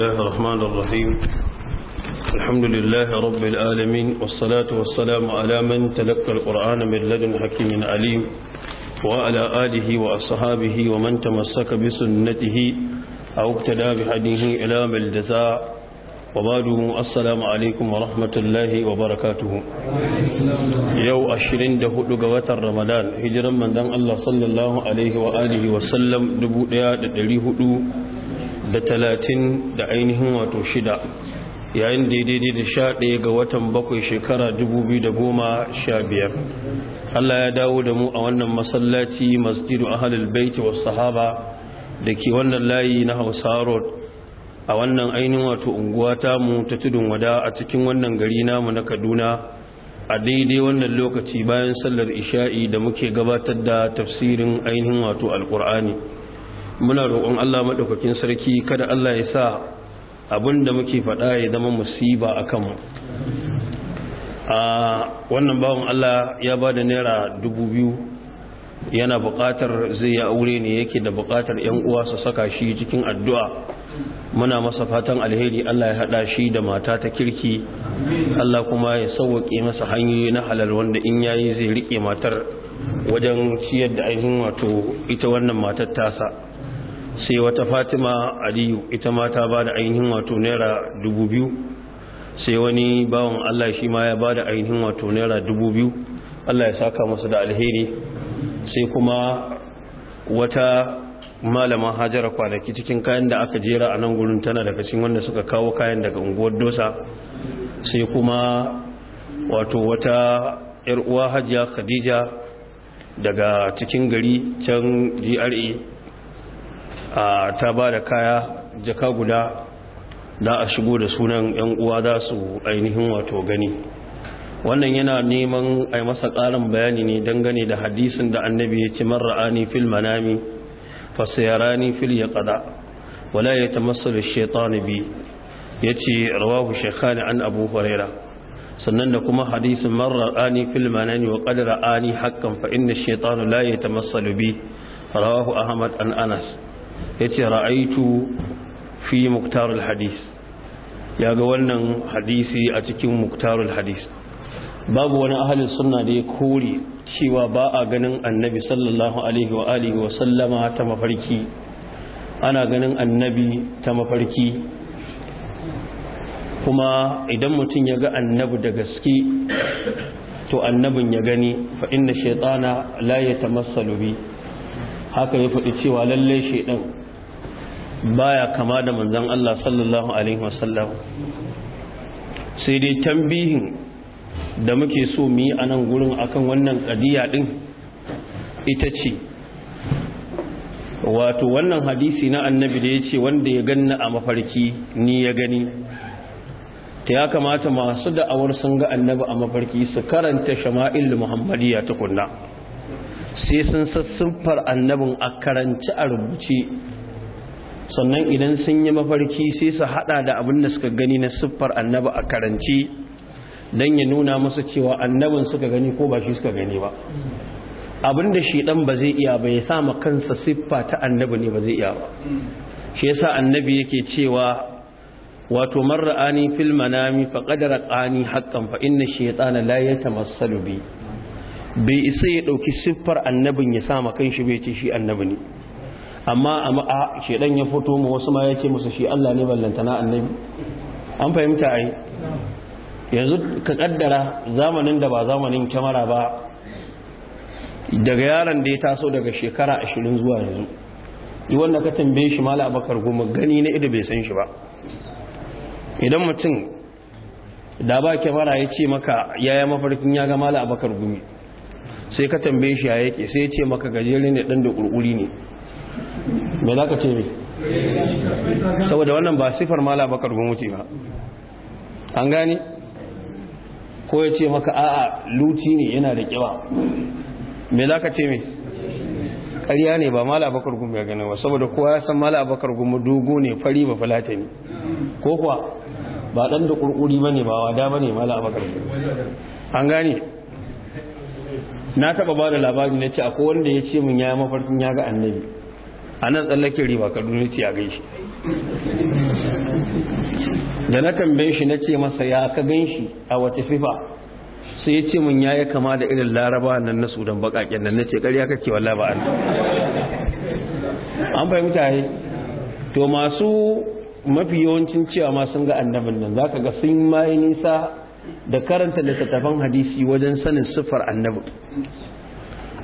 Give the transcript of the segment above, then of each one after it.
الله الرحمن الرحيم الحمد لله رب العالمين والصلاة والسلام على من تلقى القرآن من لدن حكيم عليم وعلى آله وأصحابه ومن تمسك بسنته أو اقتدى بحديه إلى ملجزاء وبعد السلام عليكم ورحمة الله وبركاته يو أشرين دهود قوات رمضان هجرا من دان الله صلى الله عليه وآله وسلم دبو دياد دليهدو da talatin da ainihin wato shida yayin daidai da sha ɗaya ga watan bakwai shekara dubu biyu da goma sha biyar allah ya dawo da mu a wannan masallaci masjidu ahalul baiti wa sahaba da ke wannan layi na hausa road a wannan ainihin wato unguwa ta mu ta tudun wada a cikin wannan gari namu na kaduna a daidai wannan lokaci bayan sallar isha'i da muke gabatar da tafsirin ainihin wato alkur'ani muna roƙon Allah maɗaukakin sarki kada Allah ya sa abin da muke faɗa ya zama musiba a kanmu a wannan bawon Allah ya ba da naira dubu biyu yana buƙatar zai ya aure ne yake da buƙatar 'yan uwa su saka shi cikin addu'a muna masa fatan alheri Allah ya haɗa shi da mata ta kirki Allah kuma ya sauwaƙe masa hanyoyi na halal wanda in yayi zai riƙe matar wajen ciyar da ainihin wato ita wannan matar tasa sai wata fatima aliyu ita ma ta ba da ainihin wato naira dubu biyu sai wani bawan allah shi ma ya ba da ainihin wato naira dubu biyu allah ya saka masa da alheri sai kuma wata malama hajara kwanaki cikin kayan da aka jera a nan gurin tana daga cikin wanda suka kawo kayan daga unguwar dosa sai kuma wato wata yar uwa hajiya khadija daga cikin gari can GRA ta ba da kaya jaka guda da a shigo da sunan 'yan uwa za su ainihin wato gani wannan yana neman a masa ƙarin bayani ne dangane da hadisin da annabi ya ci ani fil manami fasayarani fil yaqada wala yatamassalu ash-shaytanu bi ya ce rawahu shekani an abu hurairah sannan da kuma hadisin marar ani fil manani wa qadara ani haqqan fa inna ash ya ta yatamassalu bi rawahu ahmad an anas ya ce ra'aitu fi muktarul hadis ya ga wannan hadisi a cikin muktarul hadis babu wani ahalin suna da ya kori cewa ba a ganin annabi sallallahu alaihi wa alihi wa sallama ta mafarki ana ganin annabi ta mafarki kuma idan mutum ya ga annabi da gaske to annabin ya gani fa inna shaytana la yatamassalu bi haka ya faɗi cewa lallai shaidan baya kama da manzon Allah sallallahu alaihi wasallam sai dai tambihin da muke so mu yi a nan gurin akan wannan kadiya ɗin ita ce wato wannan hadisi na annabi da ya ce wanda ya ganna a mafarki ni ya gani ta ya kamata masu da'awar sun ga annabi a mafarki su karanta shama'il muhammadiyya ta kunna. sai sun sassufar annabin a karanci a rubuce sannan idan sun yi mafarki sai su hada da abin da suka gani na siffar annabi a karanci don ya nuna musu cewa annabin suka gani ko ba shi suka gani ba abin da shi dan ba zai iya ba ya sa kansa siffa ta annabi ne ba zai iya ba shi yasa annabi yake cewa wato marra'ani fil manami fa qadara qani haqqan fa inna shaytana la yatamassalu bi bai isa ya ɗauki siffar annabin ya sama kan shi bai ce shi annabi ne amma a shedan ya fito mu wasu ma ya ce musu shi Allah ne ballantana annabi an fahimta ai yanzu ka kaddara zamanin da ba zamanin kyamara ba daga yaron da ya taso daga shekara ashirin zuwa yanzu yi wanda ka tambaye shi mala abakar goma gani na ido bai san shi ba idan mutum da ba kyamara ya ce maka yaya mafarkin ya ga mala abakar gumi sai ka tambaye shi ya yake sai ya ce maka gajere ne dan da kurkuri ne me za ka ce ne saboda wannan ba sifar mala bakar gumuti ba an gane ko ya ce maka a'a luti ne yana da kiba me za ka ce me ƙarya ne ba mala bakar gumu ya gane ba saboda kowa ya san mala bakar gumu dogo ne fari ba falata ne ko kuwa ba dan da kurkuri bane ba wada bane mala bakar gumu an gane na taba ba da labari na ce a akwai wanda ya ce min ya mafarkin ya ga annabi a nan tsallake riba kaduna ce ya gai shi da na tambaye shi na ce masa ya ka gan shi a wace sifa sai ya ce min ya yi kama da irin laraba nan na sudan bakaken nan na ce ƙarya kake wala ba an an fahimta to masu mafi yawancin cewa ma sun ga annabin nan za ka ga sun ma yi nisa da karanta littattafan hadisi wajen sanin siffar annabi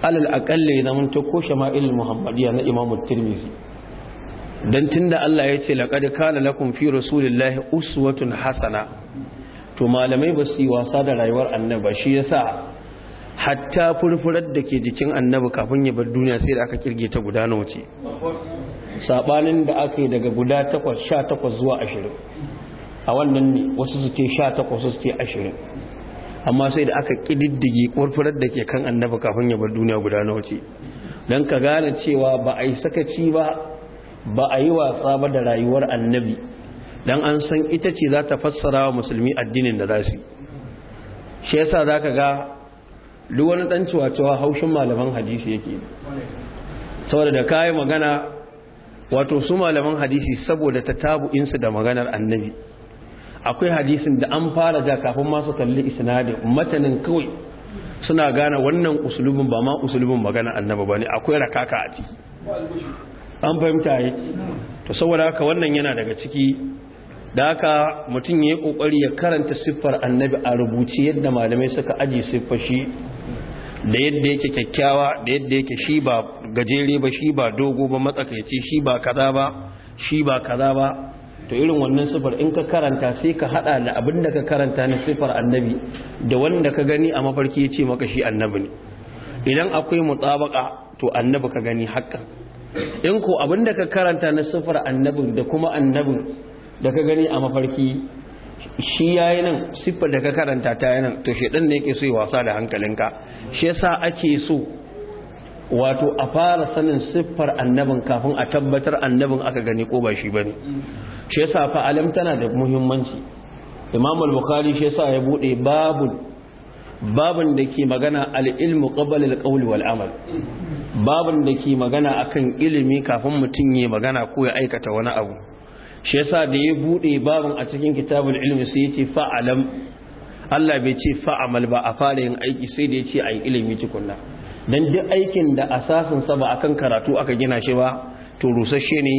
alal aƙalle na mun ko shama'il muhammadiyya na imamu tirmizi don tunda Allah ya ce laƙadi kana lakum fi rasulillahi uswatun hasana to malamai ba su yi wasa da rayuwar ba shi yasa hatta furfurar da ke jikin annabi kafin ya bar duniya sai da aka kirge ta guda nawa ce sabanin da aka yi daga guda sha 18 zuwa ashirin. a wannan ne wasu suke sha takwas wasu suke ashirin amma sai da aka ƙididdige ƙwarfurar da ke kan annabi kafin ya bar duniya guda na wuce don ka gane cewa ba a yi sakaci ba ba a yi wasa ba da rayuwar annabi don an san ita ce za ta fassara wa musulmi addinin da za su shi yasa za ka ga duk wani ɗan cewa haushin malaman hadisi yake saboda da kayi magana wato su malaman hadisi saboda ta tabu insu da maganar annabi akwai hadisin da an fara ja kafin masu kalli isnadin matanin kawai suna gane wannan usulubin ba ma usulubin magana annaba ba ne akwai rakaka a ciki an fahimta yi to saboda haka wannan yana daga ciki da haka mutum ya yi kokari ya karanta siffar annabi a rubuce yadda malamai suka aji siffar shi da yadda yake kyakkyawa da yadda yake shi ba gajere ba shi ba dogo ba matsakaici shi ba kaza ba shi ba kaza ba to irin wannan sifar in ka karanta sai ka hada da abin da ka karanta na sifar annabi da wanda ka gani a mafarki ya ce maka shi annabi ne idan akwai mutabaka to annabi ka gani haka. in ko abin da ka karanta na sifar annabi da kuma annabi da ka gani a mafarki shi yayi nan siffar da ka karanta ta yi nan to shedan ne yake so ya wasa da hankalinka shi yasa ake so wato a fara sanin siffar annabin kafin a tabbatar annabin aka gani ko ba shi ba ne shi yasa fa tana da muhimmanci imam al-bukhari shi yasa ya bude babun babun da ke magana al-ilmu qabla al-qawli wal amal babun da ke magana akan ilimi kafin mutum ya magana ko ya aikata wani abu shi yasa da ya bude babun a cikin kitabul ilmi sai yace fa'alam Allah bai ce fa'amal ba a fara yin aiki sai da yace ayi ilimi tukunna dan duk aikin da asasin sa ba kan karatu aka gina shi ba to rusasshe ne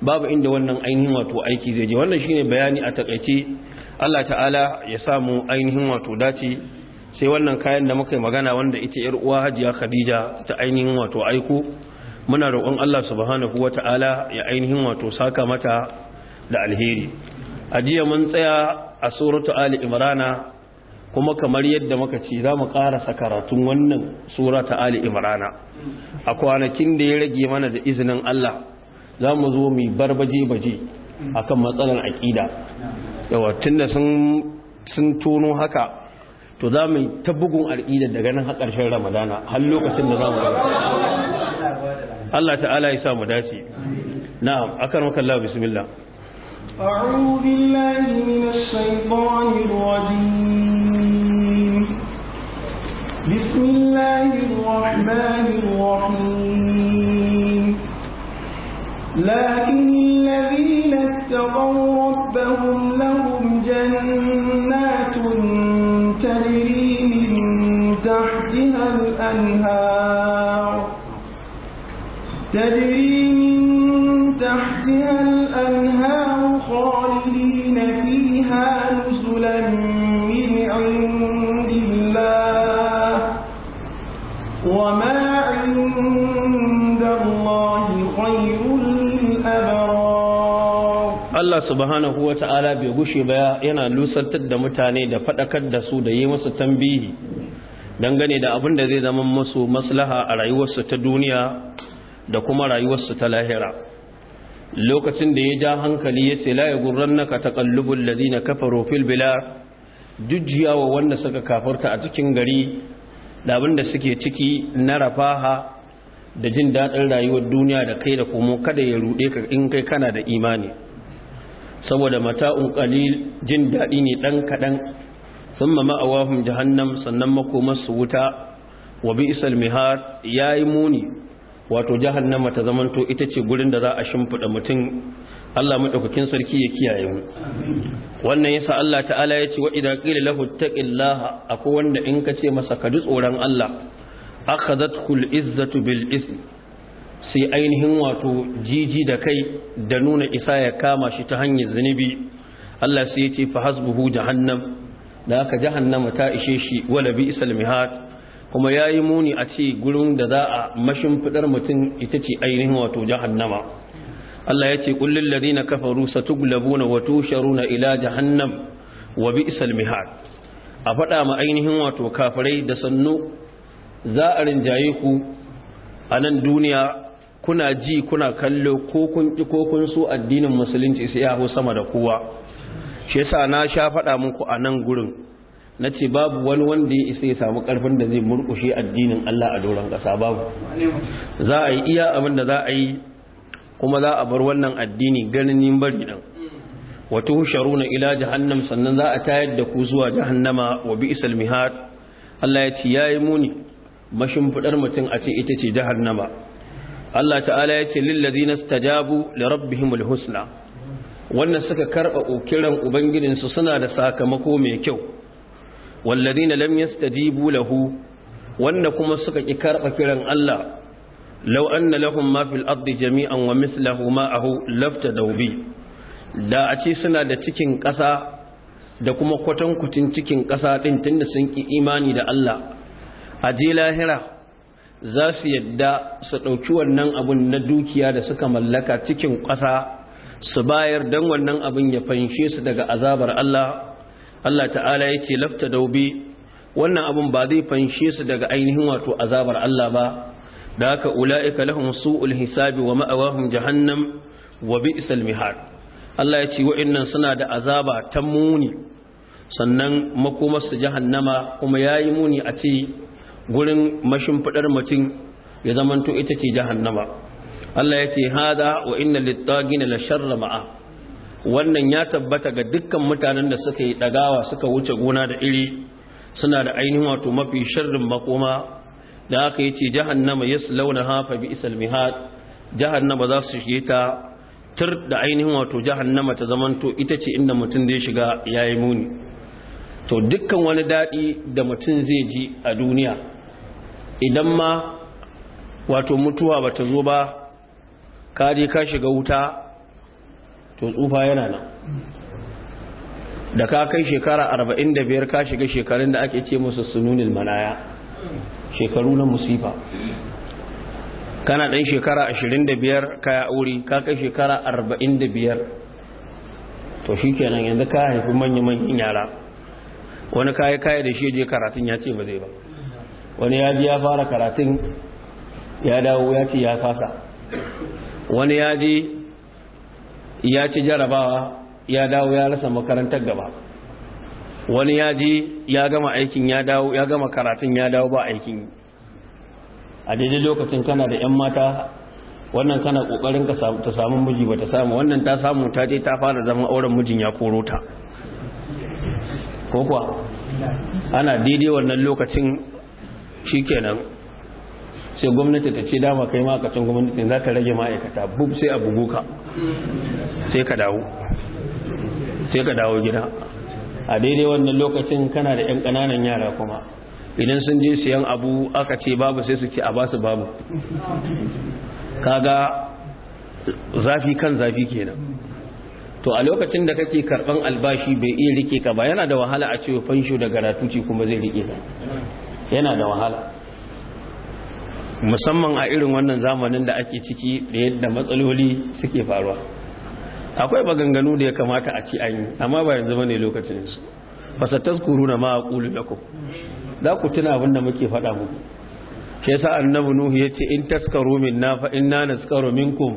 babu inda wannan ainihin wato aiki zai je wannan shine bayani a takaice Allah ta'ala ya samu ainihin wato dace sai wannan kayan da muka yi magana wanda ita yar uwa Hajiya Khadija ta ainihin wato aiko muna roƙon Allah subhanahu wata'ala ya ainihin wato saka mata da alheri a jiya mun tsaya a suratu ali imrana kuma kamar yadda muka ce za mu ƙarasa karatun wannan sura ta Ali Imrana a kwanakin da ya rage mana da izinin Allah za mu zo mu barbaje-baje a kan matsalar aƙida yawa tun da sun tono haka to za mu ta bugun al'ida daga nan ƙarshen ramadana har lokacin da za mu Allah ta'ala ya sa mu dace na'am akan makalla bismillah أعوذ بالله من الشيطان الرجيم بسم الله الرحمن الرحيم لكن الذين اتقوا ربهم لهم جنات تجري من تحتها الأنهار تجري من تحتها الأنهار خالدين Allah subhanahu wa ta'ala bai gushe ba yana lusantar da mutane da faɗakar da su da yi masu tambihi dangane da abin da zai zama masu maslaha a rayuwarsu ta duniya da kuma rayuwarsu ta lahira lokacin da ya ja hankali ya ce gurran la ya gurrannaka na kafa kafaru bila". Jujjiya wa wanda suka kafarta a cikin gari da abin da suke ciki na rafaha da jin daɗin rayuwar duniya da kai da komo kada ya ruɗe ka in kai kana da imani saboda mata'un qalil jin dadi ne dan kadan thumma ma'awahum jahannam sannan su wuta wa bi'sal mihad yayi muni wato jahannam ta zamanto ita ce gurin da za a shimfida mutum Allah madaukakin sarki ya kiyaye mu wannan yasa Allah ta'ala ya ce wa idan qila lahu taqillaha akwai wanda in ka ce masa ka ji tsoron Allah akhadhatul izzatu bil ism sai ainihin wato jiji da kai da nuna isa ya kama shi ta hanyar zunubi Allah sai ya ce fa hasbuhu jahannam da aka jahannama ta ishe shi wala bi isal mihad kuma yayi muni a ce gurin da za a mashin fidar mutum ita ce ainihin wato jahannama Allah ya ce qul lil ladina kafaru satuglabuna wa tusharuna ila jahannam wa bi isal mihad a faɗa ma ainihin wato kafirai da sannu za a rinjaye ku a nan duniya kuna ji kuna kallo ko kun ki ko kun so addinin musulunci sai ya hau sama da kowa shi yasa na sha faɗa muku a nan gurin na ce babu wani wanda ya isa ya samu karfin da zai murkushe addinin Allah a doron ƙasa babu za a yi iya abin da za a yi kuma za a bar wannan addini ganin bari dan wata sharuna ila jahannam sannan za a tayar da ku zuwa jahannama wa bi isal mihad Allah ya ce yayi muni mashin fudar mutum a ce ita ce jahannama Allah ta'ala ya ce lillazina stajabu li rabbihimul husna wannan suka karba kiran ubangijin su suna da sakamako mai kyau wallazina lam yastajibu lahu wanda kuma suka ki karba kiran Allah law anna lahum ma fil ardi jami'an wa mithluhu ma'ahu lafta daubi da a ce suna da cikin ƙasa da kuma kwatankutin cikin ƙasa din tunda sun ki imani da Allah a je lahira za su yadda su ɗauki wannan abun na dukiya da suka mallaka cikin ƙasa su bayar don wannan abin ya fanshe su daga azabar Allah Allah ta'ala ya ce lafta daube wannan abin ba zai fanshe su daga ainihin wato azabar Allah ba da haka ula'ika lahum su'ul hisabi wa ma'awahum jahannam wa bi'sal mihad Allah ya ce wa'annan suna da azaba ta muni sannan makomarsu jahannama kuma yayi muni a ce gurin mashimfidar mutum ya zamanto ita ce jahannama Allah ya ce hada wa inna littagina la sharra ma'a wannan ya tabbata ga dukkan mutanen da suka yi dagawa suka wuce gona da iri suna da ainihin wato mafi sharrin makoma da aka yi ce jahannama yaslaunaha fa bi'sal mihad jahannama za su shige ta tur da ainihin wato jahannama ta zamanto ita ce inda mutum zai shiga yayi muni to dukkan wani daɗi da mutum zai ji a duniya idan ma wato mutuwa bata zo ba ka je ka shiga wuta to tsufa yana nan da ka kai shekara 45 ka shiga shekarun da ake ce musu sununil manaya shekaru na musifa kana ɗan shekara 25 ka ya aure ka kai shekara 45 to shi kenan yanzu ka haifi manya-manyan yara wani kayi kayi da shi je karatun ya ce ba zai ba wani ya ji ya fara karatun ya dawo ya ce ya fasa wani ya ji ya ci jarabawa ya dawo ya rasa makarantar gaba wani ya ji ya gama aikin ya dawo ya gama karatun ya dawo ba aikin a daidai lokacin kana da 'yan mata wannan kana kokarin ka ta samu miji ba ta samu wannan ta samu ta je ta fara zaman auren mijin ya koro ta ko kuwa ana daidai wannan lokacin shikenan sai gwamnati ta ce dama kai makacin gwamnati za ta rage ma'aikata bub sai a bugu ka sai ka dawo sai ka dawo gida a daidai wannan lokacin kana da 'yan kananan yara kuma idan sun je siyan abu aka ce babu sai su ce a basu babu kaga zafi kan zafi kenan to a lokacin da kake karban albashi bai iya rike ka ba yana da wahala a ce fansho da garatuci kuma zai rike ka yana da wahala musamman a irin wannan zamanin da ake ciki da yadda matsaloli suke faruwa akwai maganganu da ya kamata a ci an yi amma ba yanzu bane lokacin su taskuru na ma aqulu lakum za ku tuna abin da muke faɗa muku ke sa annabi nuhu ce in taskaru minna fa inna naskaru minkum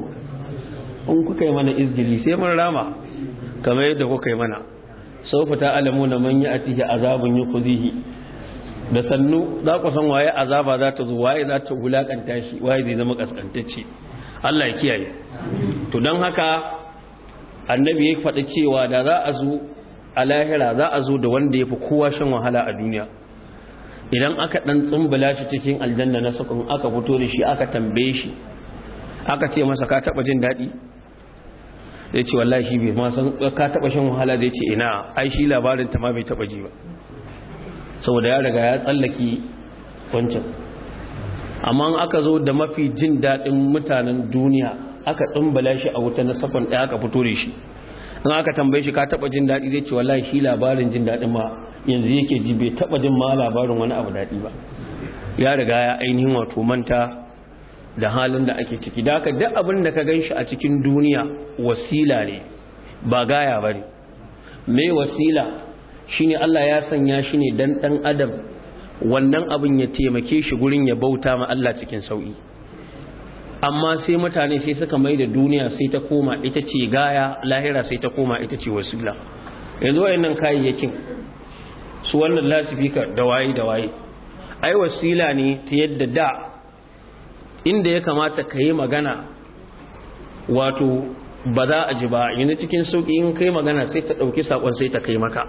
in kuka yi mana izgili sai mun rama kamar yadda kuka yi mana sau fita alamu na yi a azabun yi kuzihi da sannu za ku san waye azaba za ta zo waye za ta wulakanta shi waye zai zama kaskantacce Allah ya kiyaye to don haka annabi ya faɗi cewa da za a zo a lahira za a zo da wanda ya fi kowa shan wahala a duniya idan aka ɗan tsumbula shi cikin aljanna na sakon aka fito da shi aka tambaye shi aka ce masa ka taɓa jin daɗi zai ce wallahi bai ma san ka taɓa shan wahala zai ce ina ai shi labarin ta ma bai taɓa ji ba saboda ya riga ya tsallaki wancan amma aka zo da mafi jin daɗin mutanen duniya aka ɗumbala shi a wuta na sakon ɗaya aka fito da shi in aka tambaye shi ka taɓa jin daɗi zai ce wallahi shi labarin jin daɗin ma yanzu yake ji bai taɓa jin ma labarin wani abu daɗi ba ya riga ya ainihin wato manta da halin da ake ciki da haka duk abin da ka gan shi a cikin duniya wasila ne ba gaya ba ne me wasila shine Allah ya sanya shi ne dan ɗan adam wannan abin ya taimake shi gurin ya bauta ma Allah cikin sauki amma sai mutane sai suka mai da duniya sai ta koma ita ce gaya lahira sai ta koma ita ce wasila yanzu wayannan kayayyakin su wannan lasifika da waye da waye ai wasila ne ta yadda da inda ya kamata ka yi magana wato ba za a ji ba yana cikin sauƙi in kai magana sai ta ɗauki saƙon sai ta kai maka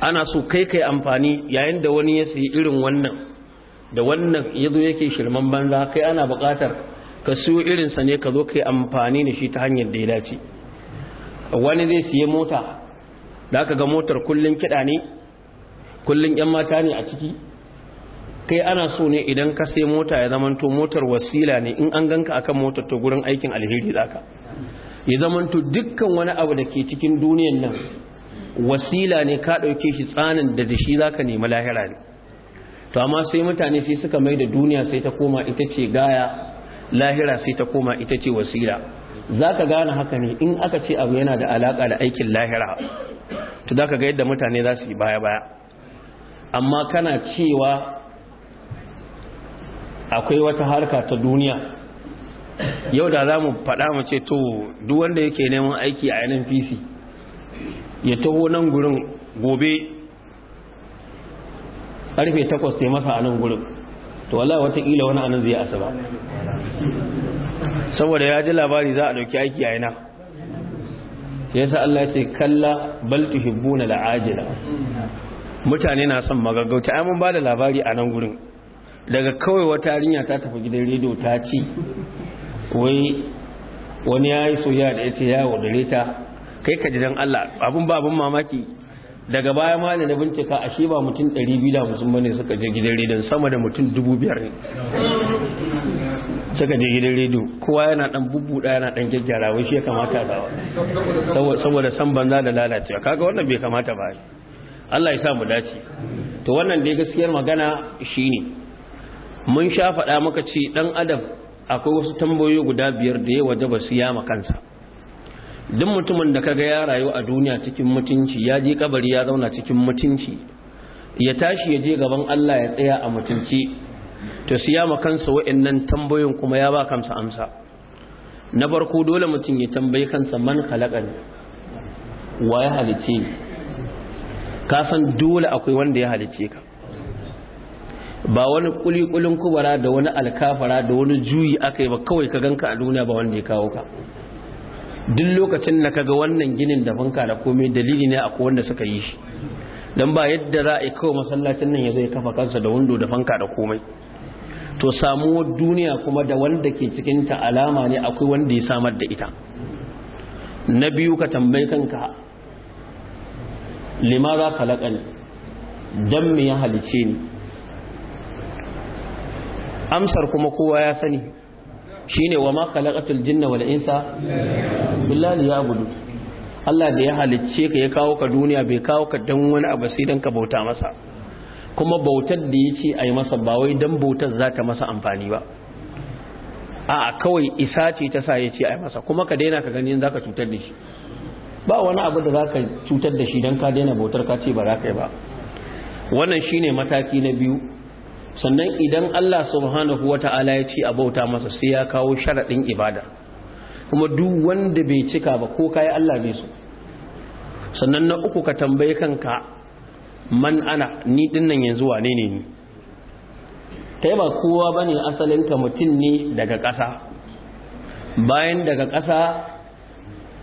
ana so kai kai amfani yayin da wani ya sayi irin wannan da wannan ya zo yake shirman banza kai ana buƙatar ka siyo irinsa ne ka zo kai amfani da shi ta hanyar da ya dace wani zai siye mota da aka ga motar kullum kiɗa ne kullum 'yan mata ne a ciki kai ana so ne idan ka sai mota ya zamanto motar wasila ne in an ganka akan motar ta gurin aikin alheri zaka ya zamanto dukkan wani abu da ke cikin duniyan nan wasila ne ka ɗauke shi tsanin da da shi za ka nemi lahira ne to amma sai mutane sai suka mai da duniya sai ta koma ita ce gaya lahira sai ta koma ita ce wasila za ka gane haka ne in aka ce abu yana da alaƙa da aikin lahira to za ka ga yadda mutane za su yi baya-baya amma kana cewa akwai wata harka ta duniya yau da za mu faɗa mu ce to duk wanda yake neman aiki a pc ya taho nan gurin gobe ƙarfe takwas ta masa a nan gurin to wala watakila wani anan zai asaba saboda ya ji labari za a ɗauki aiki a yana ya sa Allah ce kalla bal tuhibbuna la'ajila mutane na son magagauta ai mun ba da labari a nan gurin daga kawai wata yarinya ta tafi gidan rediyo ta ci wai wani ya yi soya da ya ce ya wadare ta kai ka ji Allah abin ba abin mamaki daga baya ma da na bincika a shi ba mutum 200 da musulma ne suka je gidan redon sama da mutum 5,000 ne suka je gidan rediyo kowa yana dan bubbuda yana dan gyaggyara wai shi ya kamata da saboda san banza da lalacewa kaga wannan bai kamata ba Allah ya sa mu dace to wannan dai gaskiyar magana shine mun sha faɗa maka ce dan adam akwai wasu tambayoyi guda biyar da ya waje ba su yama kansa duk mutumin da kaga ya rayu a duniya cikin mutunci ya je kabari ya zauna cikin mutunci ya tashi ya je gaban Allah ya tsaya a mutunci to su yama kansa wa'annan tambayoyin kuma ya ba kansa amsa na barko dole mutum ya tambayi kansa man khalaqani wa ya halice ka san dole akwai wanda ya halice ka ba wani kulikulin kubara da wani alkafara da wani juyi aka yi ba kawai ka ganka a duniya ba wanda ya kawo ka duk lokacin da kaga wannan ginin da banka da komai dalili ne akwai wanda suka yi shi dan ba yadda za a yi kawai masallacin nan ya zai kafa kansa da wando da fanka da komai to samuwar duniya kuma da wanda ke cikin ta alama ne akwai wanda ya samar da ita na biyu ka tambayi kanka limara khalaqani dan mu ya halice ni amsar kuma kowa ya sani shine wa ma khalaqatul jinna wal insa ya gudu. Allah da ya halicce ka ya kawo ka duniya bai kawo ka dan wani abu sai dan ka bauta masa kuma bautar da yace ayi masa ba wai dan bautar za ta masa amfani ba a kawai isa ce ta sa yace ayi masa kuma ka daina ka gani zaka cutar da shi ba wani abu da zaka cutar da shi dan ka daina bautar ka ce ba za ka yi ba wannan shine mataki na biyu sannan idan Allah subhanahu wata'ala ya ce a bauta masa sai ya kawo sharaɗin ibada kuma duk wanda bai cika ba ko kayi Allah bai so sannan na uku ka tambaye kanka man ana ni dinnan yanzu wane ne ni kai ba kowa bane asalinka mutum ne daga ƙasa bayan daga ƙasa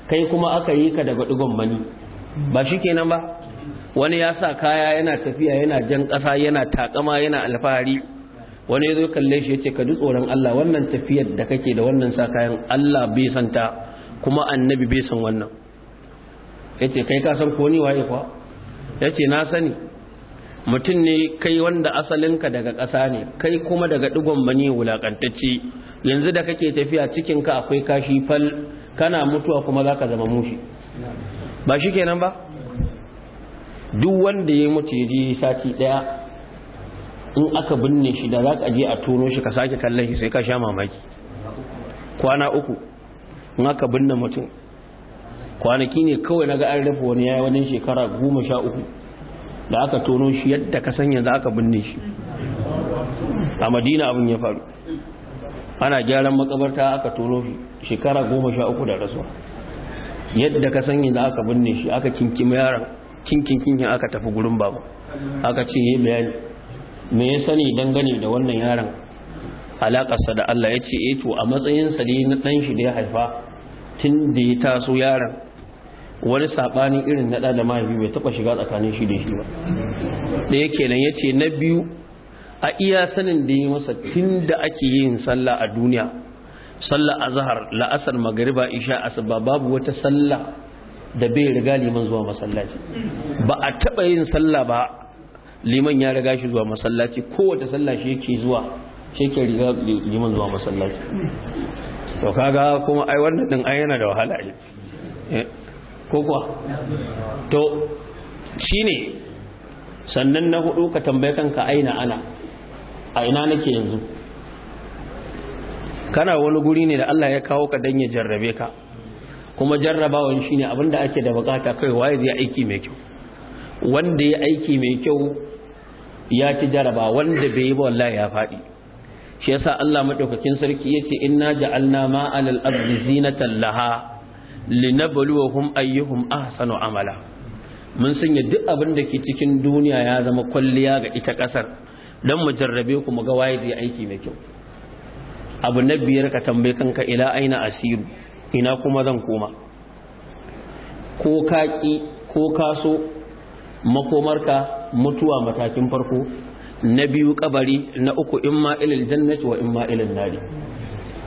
kai kuma aka yi ka daga digon mani ba shi shikenan ba wani ya sa kaya yana tafiya yana jan ƙasa yana takama yana alfahari wani ya zo kalle shi ya ce ka ji tsoron Allah wannan tafiyar da kake da wannan sa kayan Allah bai san ta kuma annabi bai san wannan ya ce kai ka san ko ni waye ya ce na sani mutum ne kai wanda asalinka daga ƙasa ne kai kuma daga digon mani wulaƙantacce yanzu da kake tafiya cikinka akwai kashi fal kana mutuwa kuma za ka zama mushi ba shi kenan ba duk wanda ya mutu ya ji sati daya in aka binne shi da za ka je a tono shi ka sake kallon shi sai ka sha mamaki kwana uku in aka binne mutum kwanaki ne kawai na ga an rufe wani ya yi wani shekara goma sha uku da aka tono shi yadda ka sanya za ka binne shi a madina abin ya faru ana gyaran makabarta aka tono shekara goma sha uku da rasuwa yadda ka sanya za ka binne shi aka kinkima yaran kinkin kinkin aka tafi gurin babu aka ce yi bayani me ya sani dangane da wannan yaron Alakarsa da Allah ya ce e to a matsayinsa ne na ɗan shi da ya haifa tun da ya taso yaron wani saɓani irin na ɗa da mahaifi bai taɓa shiga tsakanin shi da shi ba ɗaya kenan ya ce na biyu a iya sanin da ya masa tun da ake yin sallah a duniya sallah a zahar la'asar magariba isha asaba babu wata sallah da bai riga liman zuwa masallaci ba a taɓa yin sallah ba liman ya riga shi zuwa masallaci kowace sallah shi yake zuwa shi yake riga liman zuwa masallaci to kaga kuma ai wannan din ai yana da wahala ne eh, ko kuwa to shine sannan na hudu ka tambaye kanka aina ana a ina nake yanzu kana wani guri ne da Allah ya kawo ka dan ya jarrabe ka kuma jarrabawan shine abinda ake da bukata kai waye zai aiki mai kyau wanda ya aiki mai kyau ya ci jaraba wanda bai yi ba wallahi ya faɗi shi yasa Allah madaukakin sarki yace inna ja'alna ma 'alal ardi zinatan laha linabluwahum ayyuhum ahsanu amala mun sanya duk abin da ke cikin duniya ya zama kwalliya ga ita kasar dan mu jarrabe ku mu ga waye zai aiki mai kyau abu na biyar ka tambaye kanka ila aina asiru ina kuma zan koma ko kaƙi ko kaso makomarka mutuwa matakin farko na biyu kabari na uku in ma ilil jannati wa in ma ilil nari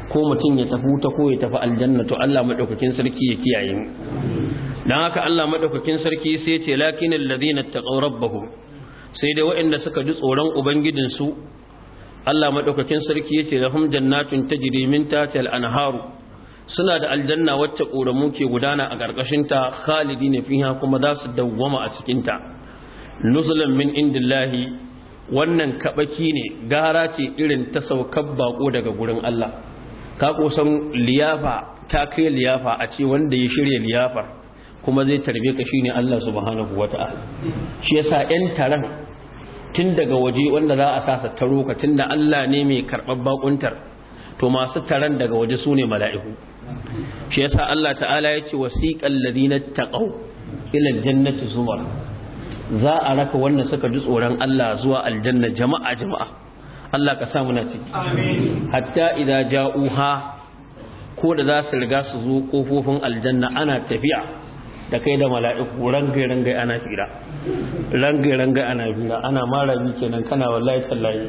ko mutum ya tafi ta ko ya tafi aljanna Allah madaukakin sarki ya kiyaye mu dan haka Allah madaukakin sarki sai ya ce lakin alladhina taqaw rabbahum sai dai waɗanda suka ji tsoron ubangijin su Allah maɗaukakin sarki ya ce lahum jannatun tajri min tahtiha al-anharu suna da aljanna wacce ƙoramu ke gudana a ƙarƙashinta khalidi ne fiha kuma za su dawwama a cikinta nuzulun min indillahi wannan kaɓaki ne gara ce irin ta saukar baƙo daga gurin Allah ka kusan liyafa ta kai liyafa a ce wanda ya shirya liyafar kuma zai tarbe ka ne Allah subhanahu shi yasa 'yan taron tun daga waje wanda za a sasa taro ka tunda Allah ne mai karɓar bakuntar to masu taron daga waje su ne mala'iku shi yasa Allah ta'ala ya ce wasiqal ladina taqaw ila jannati zumar za a raka wannan suka ji tsoron Allah zuwa aljanna jama'a jama'a Allah ka sa muna ciki amin hatta idza ja'uha ko da za su riga su zo kofofin aljanna ana tafiya da kai da mala'iku rangai rangai ana fira rangai rangai ana fira ana marabi kenan kana wallahi tallahi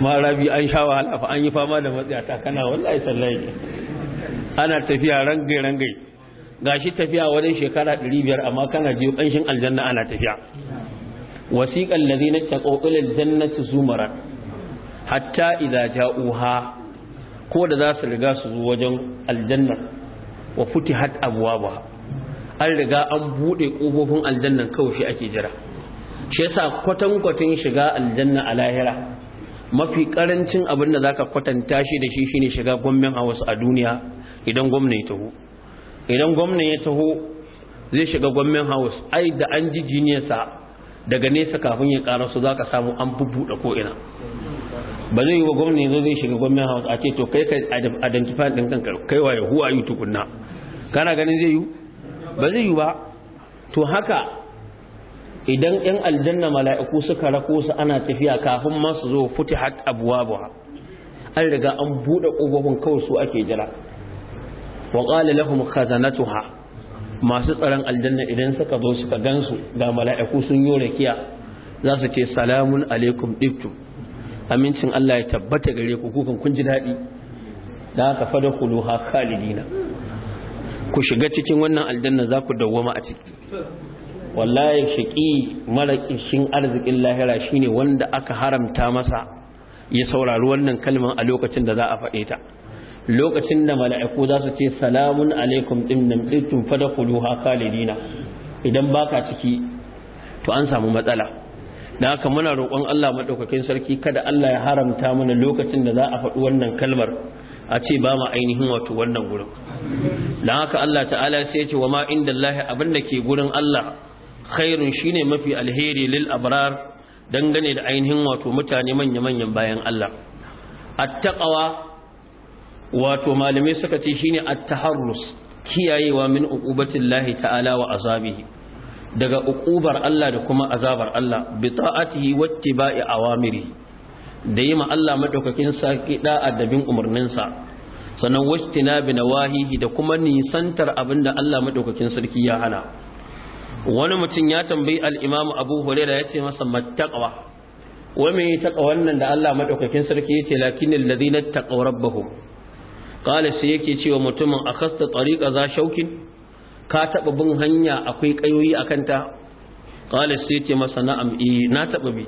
marabi an sha wahala fa an yi fama da matsayata kana wallahi tallahi ana tafiya rangai-rangai ga shi tafiya wajen shekara 500 amma kana jiyo ɗanshin aljanna ana tafiya wasiqal ladina taqaw ila jannati zumaran hatta idza ja'uha ko da za su riga su zo wajen aljanna wa futi abuwa ba an riga an buɗe ƙofofin aljannan kawai shi ake jira shi yasa kwatankwatan shiga aljanna a lahira mafi karancin abin da za ka kwatanta shi da shi shine shiga gwamnan a wasu a duniya idan gwamna ya taho idan gwamna ya taho zai shiga gwamnan Haus ai da an ji jiniyarsa daga nesa kafin ya su za ka samu an bubbuɗe ko'ina ba zai yi wa gwamna yanzu zai shiga gwamnan Haus a ce to kai ka identify ɗin kanka kaiwa wa yahuwa yi tukunna kana ganin zai yi ba zai yi ba to haka idan yan aljanna mala'iku suka rako su ana tafiya kafin ma su zo buwa abwabuha an riga an buɗe kofofin kawai su ake jira wa qala lahum khazanatuha masu tsaron aljanna idan suka zo suka gansu ga mala'iku sun yi rakiya za su ce salamun alaikum ɗiktu amincin Allah ya tabbata gare ku kukan kun ji daɗi da aka fada ha khalidina ku shiga cikin wannan aljanna za ku dawwama a ciki wallahi shaqi mara arzikin lahira shine wanda aka haramta masa ya saurari wannan kalman a lokacin da za a faɗe ta lokacin da mala'iku za su ce salamun alaikum ɗin nan ɗin fadakuluha dina. idan baka ciki to an samu matsala da haka muna roƙon Allah maɗaukakin sarki kada Allah ya haramta mana lokacin da za a faɗi wannan kalmar a ce ba ma ainihin wato wannan gurin da haka Allah ta'ala sai ya ce wa ma inda lahi abin da ke gurin Allah khairun shine mafi alheri lil abrar dangane da ainihin wato mutane manya-manyan bayan Allah attaqawa wato malamai suka ce shine at-taharrus kiyayewa min uqubatillahi ta'ala wa azabihi daga uqubar Allah da kuma azabar Allah bi ta'atihi wattiba'i awamiri da yi ma Allah madaukakin saki da'a da bin umarninsa sannan washtina bi nawahihi da kuma nisantar abinda Allah madaukakin sarki ya hana wani mutum ya tambayi al-imam abu hurairah yace masa mattaqwa wa me taqwan nan da Allah maɗaukakin sarki yace lakinnal na taqaw rabbahum qala sai yake cewa mutumin akasta tariqa za shaukin ka taɓa bin hanya akwai ƙayoyi a kanta. qala sai yace masa na'am eh na taɓa bi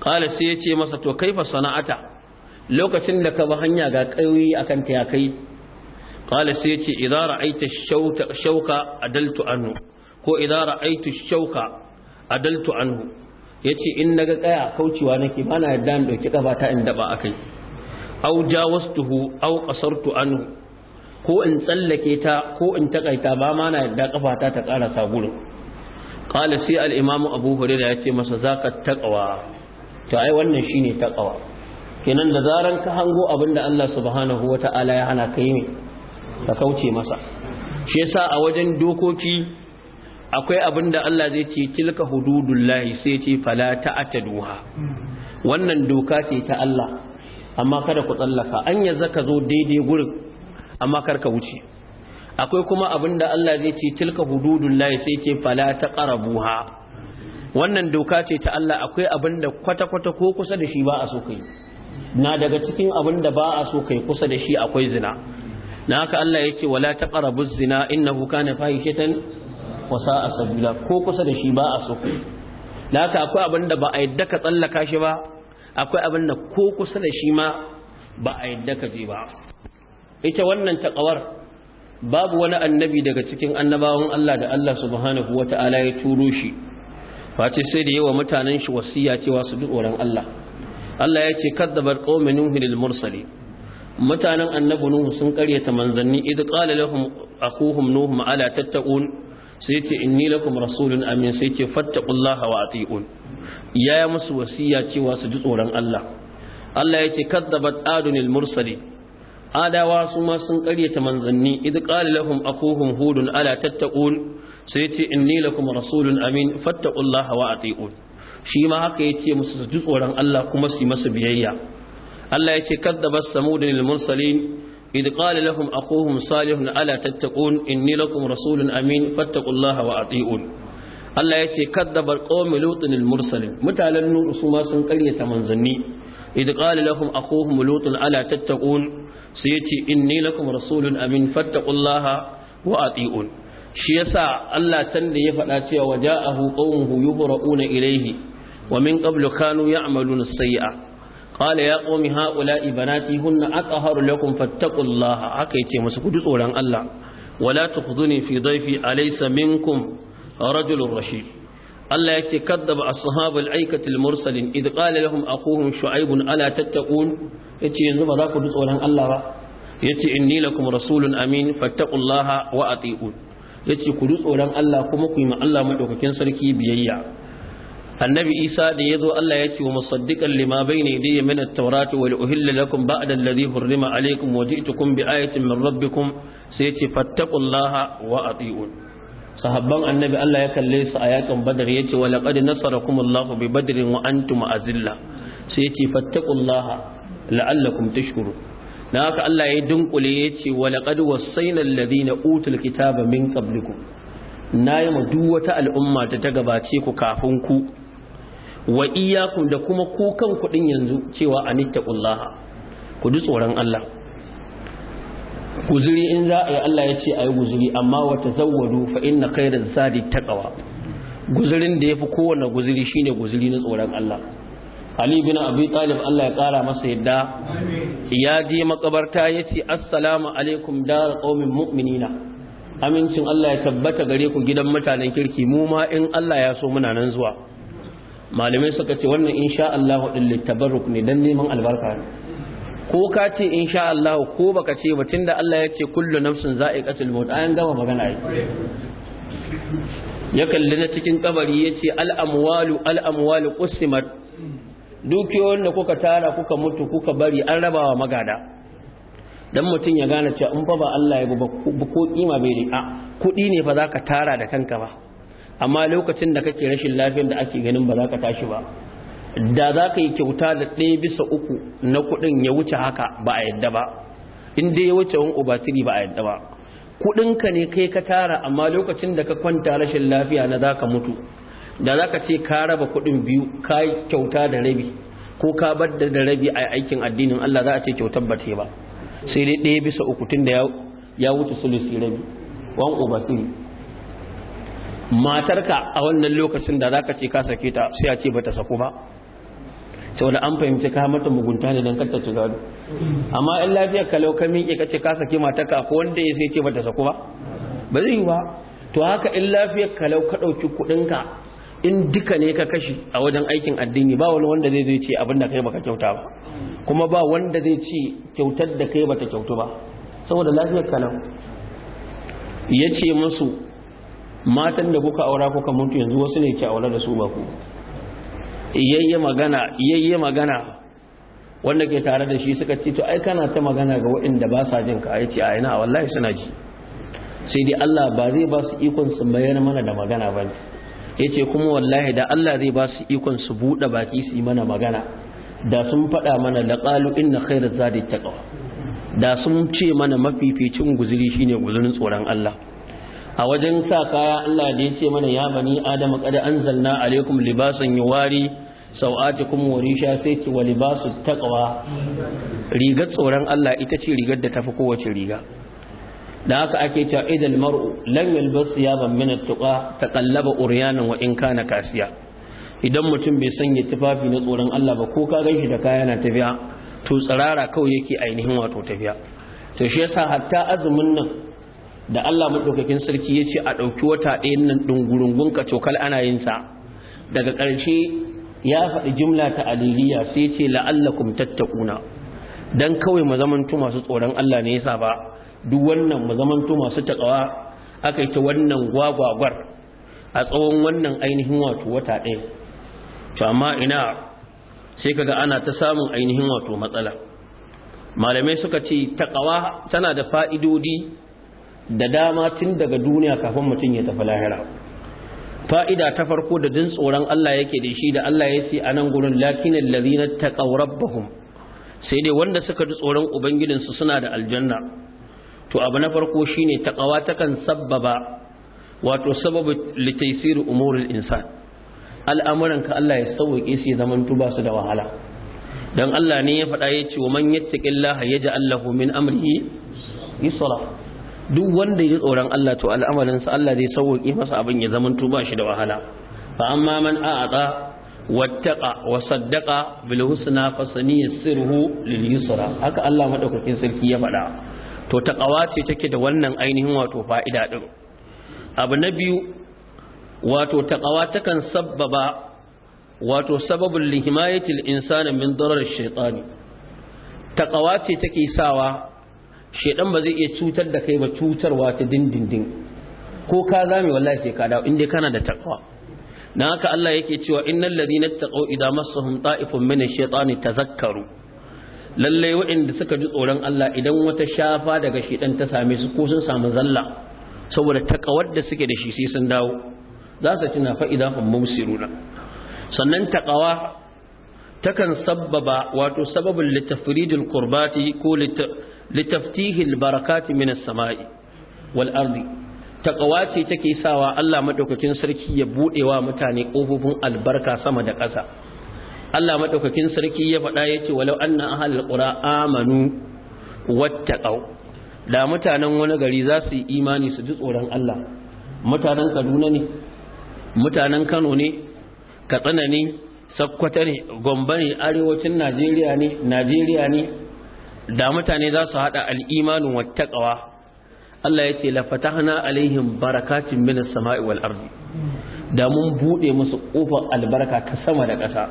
qala sai yace masa to kaifa sana'ata lokacin da ka bi hanya ga ƙayoyi akan ta ya kai qala sai yace idza ra'aita shauka adaltu anhu ko idan ra'aitu shauka adaltu anhu yace in naga kaya kaucewa nake bana yarda in dauki kafa ta in daba akai aw jawastuhu au qasartu anhu ko in tsallake ta ko in takaita ba ma na yarda kafa ta ta ƙara gurin qala sai al-imam abu hurairah yace masa zaka taqwa to ai wannan shine taqwa kenan da zaran ka hango abinda Allah subhanahu wata'ala ya hana kai ne ka kauce masa shi yasa a wajen dokoki akwai abin da Allah zai ce tilka hududullahi sai ce fala ta'taduha wannan doka ce ta Allah amma kada ku tsallaka an yanzu ka zo daidai gurin amma kar ka wuce akwai kuma abin da Allah zai ce tilka hududullahi sai ce fala taqrabuha wannan doka ce ta Allah akwai abin da kwata-kwata ko kusa da shi ba a so kai na daga cikin abin da ba a so kai kusa da shi akwai zina na haka Allah ya ce wala taqrabuz zina innahu kana fahishatan wasa a sabila ko kusa da shi ba a so da haka akwai abin da ba a yadda ka tsallaka shi ba akwai abin da ko kusa da shi ma ba a yadda ka je ba ita wannan taƙawar babu wani annabi daga cikin annabawan Allah da Allah subhanahu ta'ala ya turo shi face sai da yawa mutanen shi wasiya cewa su bi tsoron Allah Allah ya ce bar qaumin nuhin lil mursali mutanen annabi nuhu sun karyata manzanni idh qala lahum akuhum nuhu ala tattaqun sai ce inni lakum rasulun amin sai ce fattaqullaha wa atiun ya yi musu wasiya cewa su ji tsoron Allah Allah ya ce kadzabat adunil mursali adawa su ma sun karyata manzanni idh qala lahum akhuhum hudun ala tattaqun sai ce inni lakum rasulun amin fattaqullaha wa atiun shi ma haka ya ce musu su ji tsoron Allah kuma su yi masa biyayya Allah ya ce kadzabat samudun mursalin إذ قال لهم أخوهم صالح ألا تتقون إني لكم رسول أمين فاتقوا الله وأطيعون Allah yace ce kaddabar qaumi lutin al-mursalin mutanen nur su ma sun karyata manzanni idh qala lahum akhuhum ala tattaqun sai yace inni lakum rasulun amin fattaqullaha wa ati'un shi yasa Allah tan ya faɗa cewa waja'ahu qaumuhu yuhra'una ilaihi? wa min qablu kanu ya'maluna qala ya qawmi haula'i banati hunna aqharu lakum fattaqullaha haka yace masu kudu tsoron Allah wala tukhzuni fi dayfi alaysa minkum rajulun rashid Allah yake kaddaba ashabul aikatil mursalin id qala a aquhum shu'aibun ala tattaqun yace yanzu ba za ku ji tsoron Allah ba yace inni lakum rasulun amin fattaqullaha wa ati'un yace ku ji tsoron Allah kuma ku yi ma Allah madaukakin sarki biyayya annabi isa da ya zo allah ya ce wa musaddiqan lima bayna yadayya min at-taurati wal uhilla lakum ba'da alladhi hurrima alaykum wa ji'tukum bi ayatin min rabbikum sai ya ce fattaqullaha wa ati'un sahabban annabi allah ya kalle su a yakan badar ya ce wa laqad nasarakumullahu bi badrin wa antum azilla sai ya ce fattaqullaha la'allakum tashkurun na haka Allah ya dunkule ya ce wa laqad wasaina alladhina utul kitaba min qablikum na yi ma duk wata al'umma ta ta gabace ku kafin ku wa iyakun da kuma kukan kuɗin yanzu cewa anittaqullaha ku ji tsoron Allah guzuri in za a yi Allah ya ce a yi guzuri amma wata zawwadu fa inna khairaz zadi taqwa guzurin da yafi kowanne guzuri shine guzuri na tsoron Allah Ali bin Abi Talib Allah ya kara masa yadda ya je makabarta ya ce assalamu alaikum dar qaumin mu'minina amincin Allah ya tabbata gare ku gidan mutanen kirki mu ma in Allah ya so muna nan zuwa malamai suka ce wannan insha Allah din littabarruk ne dan neman albarka ko ka ce insha Allah ko baka ce ba tunda Allah ya ce kullu nafsin za'iqatul maut an gama magana ai ya kalli na cikin kabari ya ce al'amwalu al'amwalu qusimat dukiyoyin da kuka tara kuka mutu kuka bari an raba wa magada dan mutum ya gane cewa in fa ba Allah ya ba ko kima bai ne a kudi ne fa zaka tara da kanka ba amma lokacin da kake rashin lafiyar da ake ganin ba za ka tashi ba da za ka yi kyauta da ɗaya bisa uku na kuɗin ya wuce haka ba a yadda ba in dai ya wuce wani obatiri ba a yadda ba kuɗinka ne kai ka tara amma lokacin da ka kwanta rashin lafiya na za ka mutu da za ka ce ka raba kuɗin biyu ka yi kyauta da rabi ko ka bar da rabi a aikin addinin Allah za a ce kyautar ba ba sai dai ɗaya bisa uku tun da ya wuce sulusi rabi wan obatiri matarka a wannan lokacin da za ka ce ka sake ta sai a ce bata sako ba saboda an fahimci ka mata mugunta ne don kanta ci gado amma in lafiyar kalau ka miƙe ka ce ka sake matarka ko wanda ya sai ce bata sako ba ba zai yi ba to haka in lafiyar kalau ka ɗauki kuɗinka in duka ne ka kashi a wajen aikin addini ba wani wanda zai zai ce abin da kai baka kyauta ba kuma ba wanda zai ce kyautar da kai bata kyautu ba saboda lafiyar kalau ya ce musu matan da kuka aura kuka mutu yanzu wasu ne ke aura da su ba ku yayye magana yayye magana wanda ke tare da shi suka ce to ai kana ta magana ga waɗanda ba sa jin ka ai ce ai na wallahi suna ji sai dai Allah ba zai ba su ikon su bayyana mana da magana bane yace kuma wallahi da Allah zai ba su ikon su bude baki su yi mana magana da sun faɗa mana laqalu inna khairaz zadi taqwa da sun ce mana mafificin guzuri shine guzurin tsoron Allah a wajen sa kaya Allah da ya ce mana ya bani adam kada anzalna alaikum libasan yuwari sau'atikum wa risha sai ce wa libasu taqwa rigar tsoron Allah ita ce rigar da tafi kowace riga da haka ake cewa idal mar'u lam yalbas yaban min at-tuqa taqallaba uryanan wa in kana kasiya idan mutum bai sanya tufafi na tsoron Allah ba ko ka ganshi da kaya na tafiya to tsirara kawai yake ainihin wato tafiya to shi yasa hatta azumin nan da Allah maɗaukakin sarki ya ce a ɗauki wata ɗayan nan ɗungurungun ka cokal ana yin sa daga ƙarshe ya faɗi jimla ta aliliya sai ce la'allakum tattaquna dan kawai mu zamanto masu tsoron Allah ne yasa ba duk wannan mu zamanto masu takawa yi ta wannan gwagwagwar a tsawon wannan ainihin wato wata ɗaya to amma ina sai kaga ana ta samun ainihin wato matsala malamai suka ce takawa tana da fa'idodi da dama tun daga duniya kafin mutum ya tafi lahira fa'ida ta farko da jin tsoron Allah yake da shi da Allah ya ce a nan gurin lakinin lazina ta ƙaurabbahun sai dai wanda suka ji tsoron ubangidinsu suna da aljanna to abu na farko shi ne ta ta takan sabbaba wato sababu litaisiru umurin insan ka Allah ya sauƙi su zaman tuba su da wahala don Allah ne ya faɗa ya ce wa man yattaƙin laha ya ji Allah min amri duk wanda ya tsoron Allah to al'amalinsa sa Allah zai sauƙi masa abin ya zamanto ba shi da wahala fa amma man a'ata wattaqa wa saddaqa bil husna fa saniyasiruhu lil yusra haka Allah madaukakin sarki ya faɗa to taqawa ce take da wannan ainihin wato fa'ida din abu na biyu wato taqawa takan sabbaba wato sababul lihimayatil insani min darar shaytani taqawa ce take sawa shedan ba zai iya cutar da kai ba cutarwa ta dindindin ko ka zame wallahi sai ka dawo inda kana da takwa dan haka Allah yake cewa innal ladina taqaw idza massahum ta'ifun min ash-shaytani tazakkaru lalle waɗanda suka ji tsoron Allah idan wata shafa daga shedan ta same su ko sun samu zalla saboda takawar da suke da shi sai sun dawo za su tuna fa'ida hum musiruna. sannan takawa takan sababa wato sababin littafridil qurbati ko litaftihi albarakati min as-sama'i wal ardi taqwa ce take sawa Allah madaukakin sarki ya budewa mutane kofofin albarka sama da ƙasa Allah madaukakin sarki ya faɗa yace walau anna ahlul qura amanu wattaqau da mutanen wani gari za su yi imani su ji tsoron Allah mutanen Kaduna ne mutanen Kano ne Katsina ne Sakkwata ne Gombe ne arewacin Najeriya ne ne da mutane za su haɗa al'imanin wattaƙawa Allah ya ce lafatahna alaihim barakatun min as-sama'i wal ardi da mun buɗe musu ƙofar albarka ta sama da ƙasa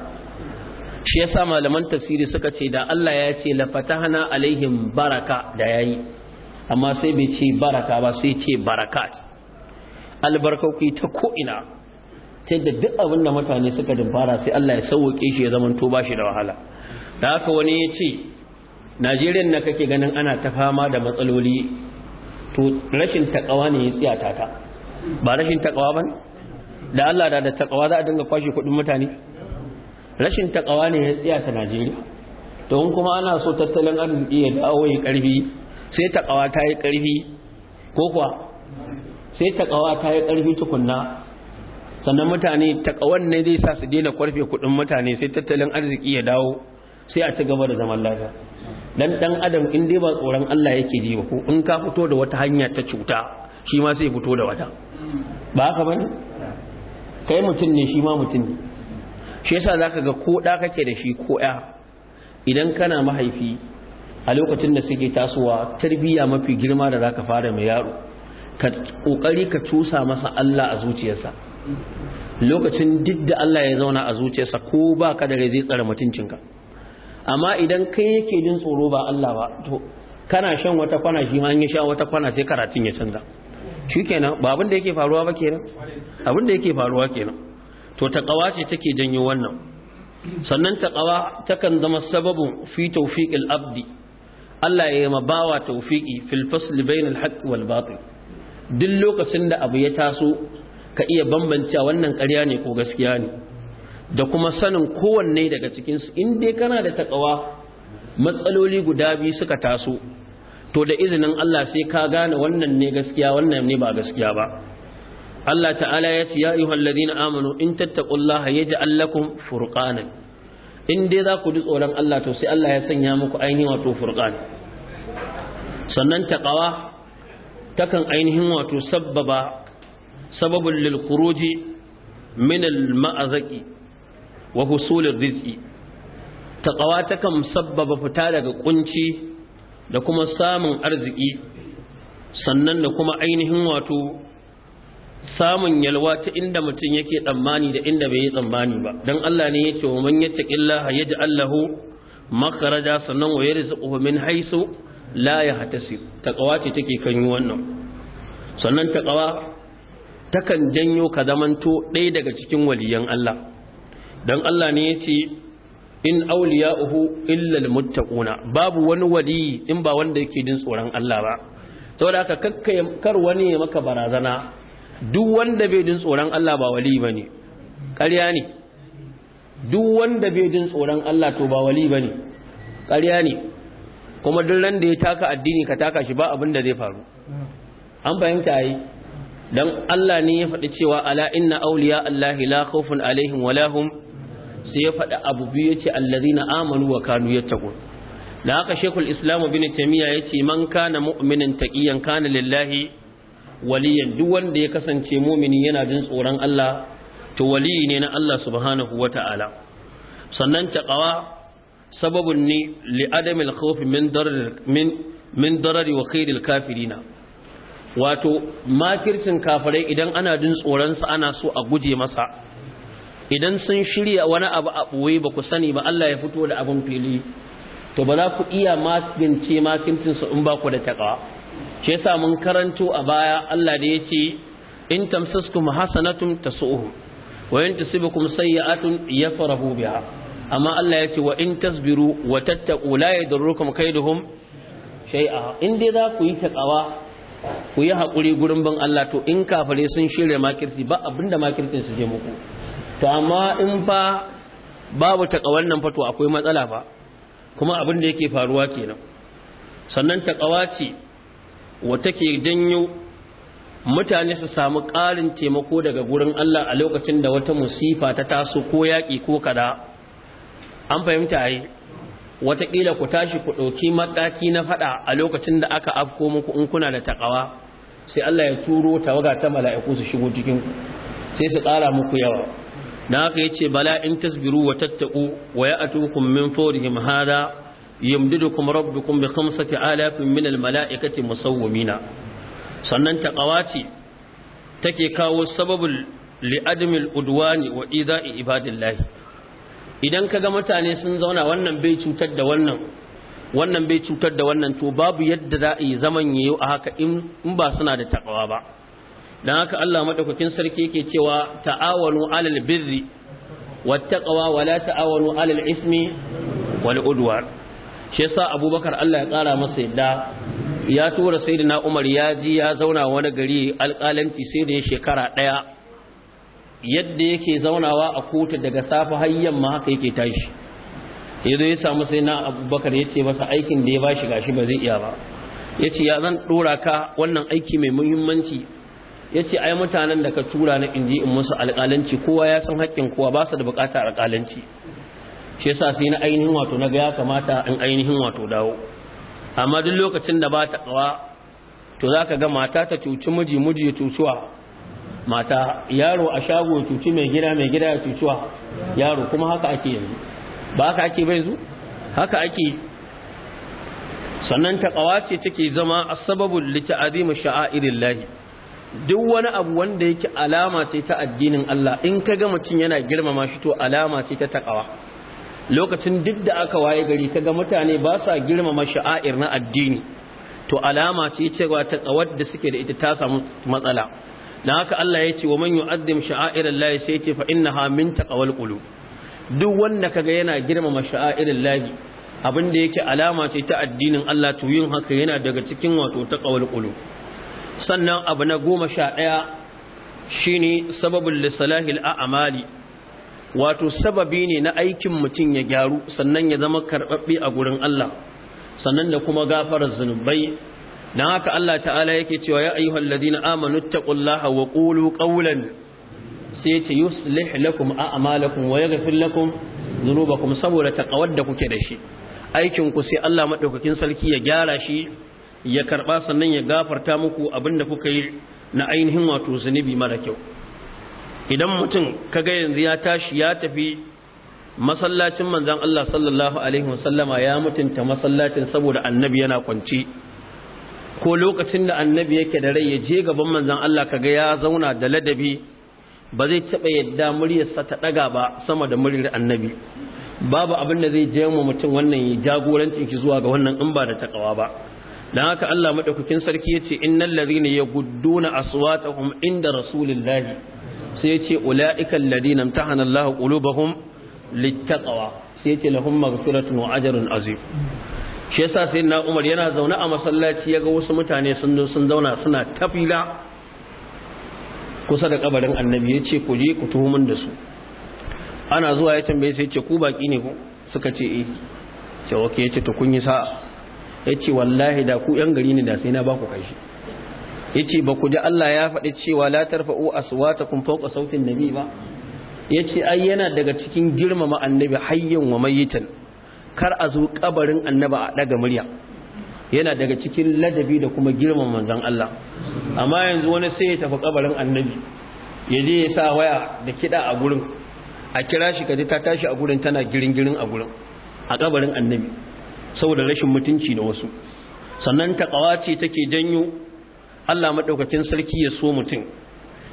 shi yasa malaman tafsiri suka ce da Allah ya ce lafatahna alaihim baraka da yayi amma sai bai ce baraka ba sai ce barakat albarkoki ta ko'ina ta yadda duk abin da mutane suka dubara sai Allah ya sauke shi ya zama to ba shi da wahala da haka wani ya ce najeriya na kake ganin ana ta fama da matsaloli to rashin takawa ne ya tsiyata ta ba rashin takawa ba da allah da da takawa za a dinga kwashe kudin mutane rashin takawa ne ya tsiyata najeriya in kuma ana so tattalin arziki ya dawo ya karfi sai takawa ta yi karfi ko kuwa sai takawa ta yi karfi tukunna sannan mutane takawan ne zai sa su daina kwarfe kudin mutane sai tattalin arziki ya dawo sai a ci gaba da zaman lafiya dan dan adam in dai ba tsoron Allah yake ji ba ko in ka fito da wata hanya ta cuta shi ma sai fito da wata ba haka bane kai mutum ne shi ma mutum ne shi yasa zaka ga ko da kake da shi ko ya idan kana mahaifi a lokacin da suke tasowa tarbiyya mafi girma da zaka fara mai yaro ka kokari ka tusa masa Allah a zuciyarsa lokacin duk da Allah ya zauna a zuciyarsa ko baka da rai zai tsare mutuncinka amma idan kai yake jin tsoro ba Allah ba to kana shan wata kwana shi ma ya sha wata kwana sai karatun ya canza kenan ba abin da yake faruwa ba kenan abin da yake faruwa kenan to taqawa ce take janyo wannan sannan taqawa takan zama sababin fi tawfiqil abdi Allah ya yi ma bawa tawfiqi fil fasl bainal haqq wal batil duk lokacin da abu ya taso ka iya bambancewa wannan ƙarya ne ko gaskiya ne da kuma sanin kowanne daga cikinsu in dai kana da takawa matsaloli guda biyu suka taso to da izinin Allah sai ka gane wannan ne gaskiya wannan ne ba gaskiya ba Allah ta'ala ya ce ya ayyuhal ladina amanu in tattaqullaha yaj'al lakum furqana in dai za ku ji tsoron Allah to sai Allah ya sanya muku ainihin wato furqan sannan taqawa takan ainihin wato sababa sababul lil khuruji min al ma'azaki wa husulur rizqi taƙawa takan sabbaba fita daga kunci da kuma samun arziki sannan da kuma ainihin wato samun yalwa ta inda mutum yake tsammani da inda bai yi tsammani ba dan Allah ne yake wa man yattaqillaha yaj'al Allahu, sannan wa yarzuquhu min haisu la yahtasib taqawa ce take kan yi wannan sannan taqawa takan janyo ka zamanto ɗaya daga cikin waliyan Allah dan Allah ne yace in awliya'uhu illa almuttaquna babu wani wali in ba wanda yake jin tsoron Allah ba saboda haka kakkai kar wani ya maka barazana duk wanda bai jin tsoron Allah ba wali bane ƙarya ne duk wanda bai jin tsoron Allah to ba wali bane ƙarya ne kuma duk ran da ya taka addini ka taka shi ba abin da zai faru an fahimta yi dan Allah ne ya faɗi cewa ala inna awliya Allah la khawfun alaihim wa lahum sai ya faɗi abu biyu yace na amanu wa kanu yattaqun da haka shekul islam ibn taymiya yace man kana mu'minin taƙiyan, kana lillahi waliyan duk wanda ya kasance mumini yana jin tsoron Allah to waliyi ne na Allah subhanahu ta'ala. sannan taqwa sababun ni li adamil khawf min darari wa khairil kafirina wato makircin kafirai idan ana jin tsoron sa ana so a guje masa idan sun shirya wani abu a ɓoye ba ku sani ba Allah ya fito da abin fili to ba za ku iya magance su in ba ku da taƙawa shi yasa mun karanto a baya Allah da ya ce in tamsaskum hasanatun tasu'uhum wa in tusibukum sayyi'atun yafrahu biha amma Allah ya ce wa in tasbiru wa tattaqu la yadurrukum kaiduhum shay'a in dai za ku yi taƙawa ku yi haƙuri gurin bin Allah to in kafare sun shirya makirci ba abinda makircin su je muku to amma in fa babu takawan nan fato akwai matsala fa kuma abin da yake faruwa kenan sannan takawa ce wata ke janyo mutane su samu ƙarin taimako daga gurin Allah a lokacin da wata musifa ta taso ko yaƙi ko kada an fahimta yi wataƙila ku tashi ku ɗauki mataki na faɗa a lokacin da aka afko muku in kuna da takawa sai Allah ya turo tawaga ta mala'iku su shigo cikin sai su ƙara muku yawa da haka ya ce bala in tasbiru wa tattaku wa ya atukum min fawrihim hada yamdidukum rabbukum bi khamsati alafin min al mala'ikati musawwimina sannan ta ce take kawo sababul li admil udwani wa ida'i ibadillahi idan kaga mutane sun zauna wannan bai cutar da wannan wannan bai cutar da wannan to babu yadda za a yi zaman yayo a haka in ba suna da takawa ba dan haka Allah madaukakin sarki yake cewa ta'awanu alal birri wa wala ta'awanu alal ismi wal udwar shi yasa Abubakar Allah ya kara masa yadda ya tura sayyidina Umar ya ji ya zauna wani gari alƙalanci sai da shekara ɗaya. yadda yake zaunawa a kotu daga safa har yamma haka yake tashi yazo ya samu sayyidina Abubakar ya ce masa aikin da ya bashi gashi ba zai iya ba yace ya zan dora ka wannan aiki mai muhimmanci ya ce ai mutanen da ka tura na inji in musu alƙalanci kowa ya san haƙƙin kowa ba su da buƙatar alƙalanci shi yasa sai na ainihin wato na ga ya kamata in ainihin wato dawo amma duk lokacin da ba ta ƙawa to za ka ga mata ta cuci miji miji ya cuciwa mata yaro a shago ya cuci mai gida mai gida ya cuciwa yaro kuma haka ake yanzu ba haka ake bai zu haka ake sannan ta ƙawa ce take zama asbabul li ta'zimi sha'airillahi duk wani abu wanda yake alama ce ta addinin Allah in ka ga mutum yana girmama shi to alama ce ta takawa lokacin duk da aka waye gari kaga mutane ba sa girmama sha'air na addini to alama ce cewa ta kawar da suke da ita ta samu matsala dan haka Allah ya ce wa man yu'azzim sha'air Allah sai ce fa innaha min taqawal qulub duk wanda kaga yana girmama sha'air Allah abin da yake alama ce ta addinin Allah to yin haka yana daga cikin wato taqawal qulub sannan abu na goma sha ɗaya shi ne sababin lissalahil a'amali wato sababi ne na aikin mutum ya gyaru sannan ya zama karɓaɓɓe a gurin Allah sannan da kuma gafarar zunubai na haka Allah ta'ala yake cewa ya halladi na amanu taqullaha wa qulu qawlan sai yace yuslih lakum a'malakum wa yaghfir lakum dhunubakum saboda taqawar da kuke da shi aikinku, sai Allah madaukakin sarki ya gyara shi ya karɓa sannan ya gafarta muku abinda kuka yi na ainihin wato zunubi mara kyau idan mutum ga yanzu ya tashi ya tafi masallacin manzan Allah sallallahu alaihi wasallama ya mutunta masallacin saboda annabi yana kwance ko lokacin da annabi yake da rai ya je gaban manzan Allah kaga ya zauna da ladabi ba zai taɓa yadda muryarsa ta ɗaga ba sama da muryar annabi babu abin da zai je mu mutum wannan ya jagorancin ki zuwa ga wannan in ba da takawa ba dan haka Allah madaukakin sarki yace innal ladhina yagudduna aswatahum inda rasulillahi sai yace ulaiikal ladina imtahana Allahu qulubahum littaqwa sai yace lahum maghfiratun wa ajrun azim shi yasa sayyidina Umar yana zaune a masallaci yaga wasu mutane sun zo sun zauna suna tafila kusa da kabarin annabi yace ku je ku tuhumin da su ana zuwa ya tambaye sai yace ku baki ne ku suka ce eh ce wake yace to kun yi sa'a ya ce wallahi da ku yan gari ne da sai na ba ku kashi ya ce ba ku ji Allah ya faɗi cewa la wata kun fauka sautin nabi ba ya ce ai yana daga cikin girmama annabi hayyan wa mayitan kar a zo kabarin annaba a ɗaga murya yana daga cikin ladabi da kuma girmama manzon Allah amma yanzu wani sai ya tafi kabarin annabi ya je ya sa waya da kiɗa a gurin a kira shi ka ji ta tashi a gurin tana girin girin a gurin a kabarin annabi saboda rashin mutunci na wasu sannan taqwa ce take janyo Allah maɗaukacin sarki ya so mutum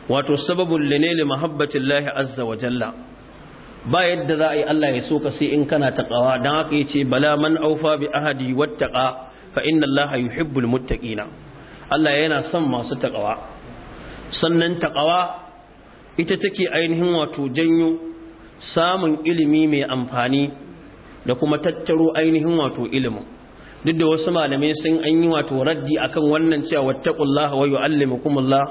wato sababul linali mahabbatillahi azza wa jalla ba yadda za a yi Allah ya so ka sai in kana takawa dan haka yace bala man aufa bi ahadi wattaqa fa inna Allaha yuhibbul muttaqina Allah yana son masu takawa sannan taƙawa ita take ainihin wato janyo samun ilimi mai amfani da kuma tattaro ainihin wato ilimi. duk da wasu malamai sun an yi wato raddi akan wannan cewa wattaqullaha wa yu'allimukumullah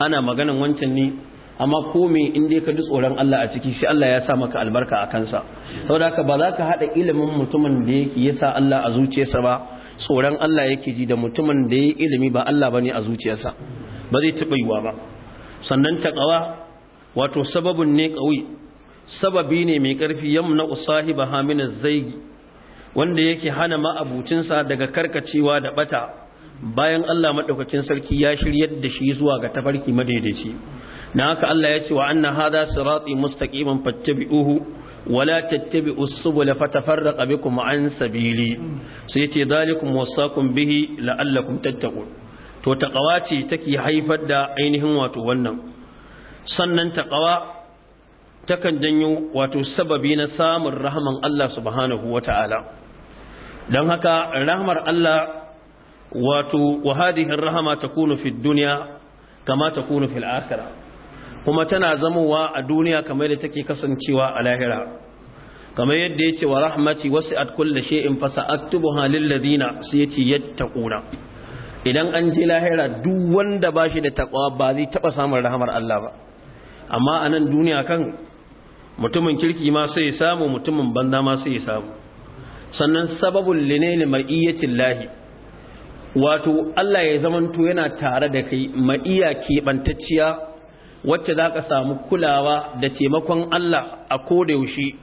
ana maganan wancan ne amma ko me in dai ka ji tsoron Allah a ciki sai Allah ya sa maka albarka a kansa saboda haka ba za ka hada ilimin mutumin da yake ya sa Allah a zuciyarsa ba tsoron Allah yake ji da mutumin da ya ilimi ba Allah bane a zuciyarsa ba zai taɓa yiwa ba sannan taqawa wato sababun ne ƙauye sababi ne mai ƙarfi na usahiba hamina zaigi wanda yake hana ma'abucinsa daga karkacewa da bata bayan Allah maɗaukacin sarki ya shiryar da shi zuwa ga tafarki madaidaici na haka Allah ya ce wa anna hadha sirati mustaqiman uhu wala tattabi'us subula fatafarraqa bikum an sabili sai yace dalikum wasaqum bihi la'allakum tattaqun to taqawa ce take haifar da ainihin wato wannan sannan taqawa takan janyo wato sababi na samun rahaman Allah subhanahu wa ta'ala don haka rahamar Allah wato wahadihin rahama ta kunu fi duniya kama ta kunu fil kuma tana zamowa a duniya kamar da take kasancewa a lahira kamar yadda ya ce wa rahmati wasi'at kulli shay'in fa sa'aktubuha lil ladina sayati yattaquna idan an je lahira duk wanda bashi da takwa ba zai taɓa samun rahamar Allah ba amma a nan duniya kan mutumin kirki ma sai samu mutumin banza ma sai samu sannan sababul linaili mar'iyatin lahi wato Allah ya zamanto yana tare da kai ma'iya keɓantacciya wacce za ka samu kulawa da taimakon Allah a koda yaushe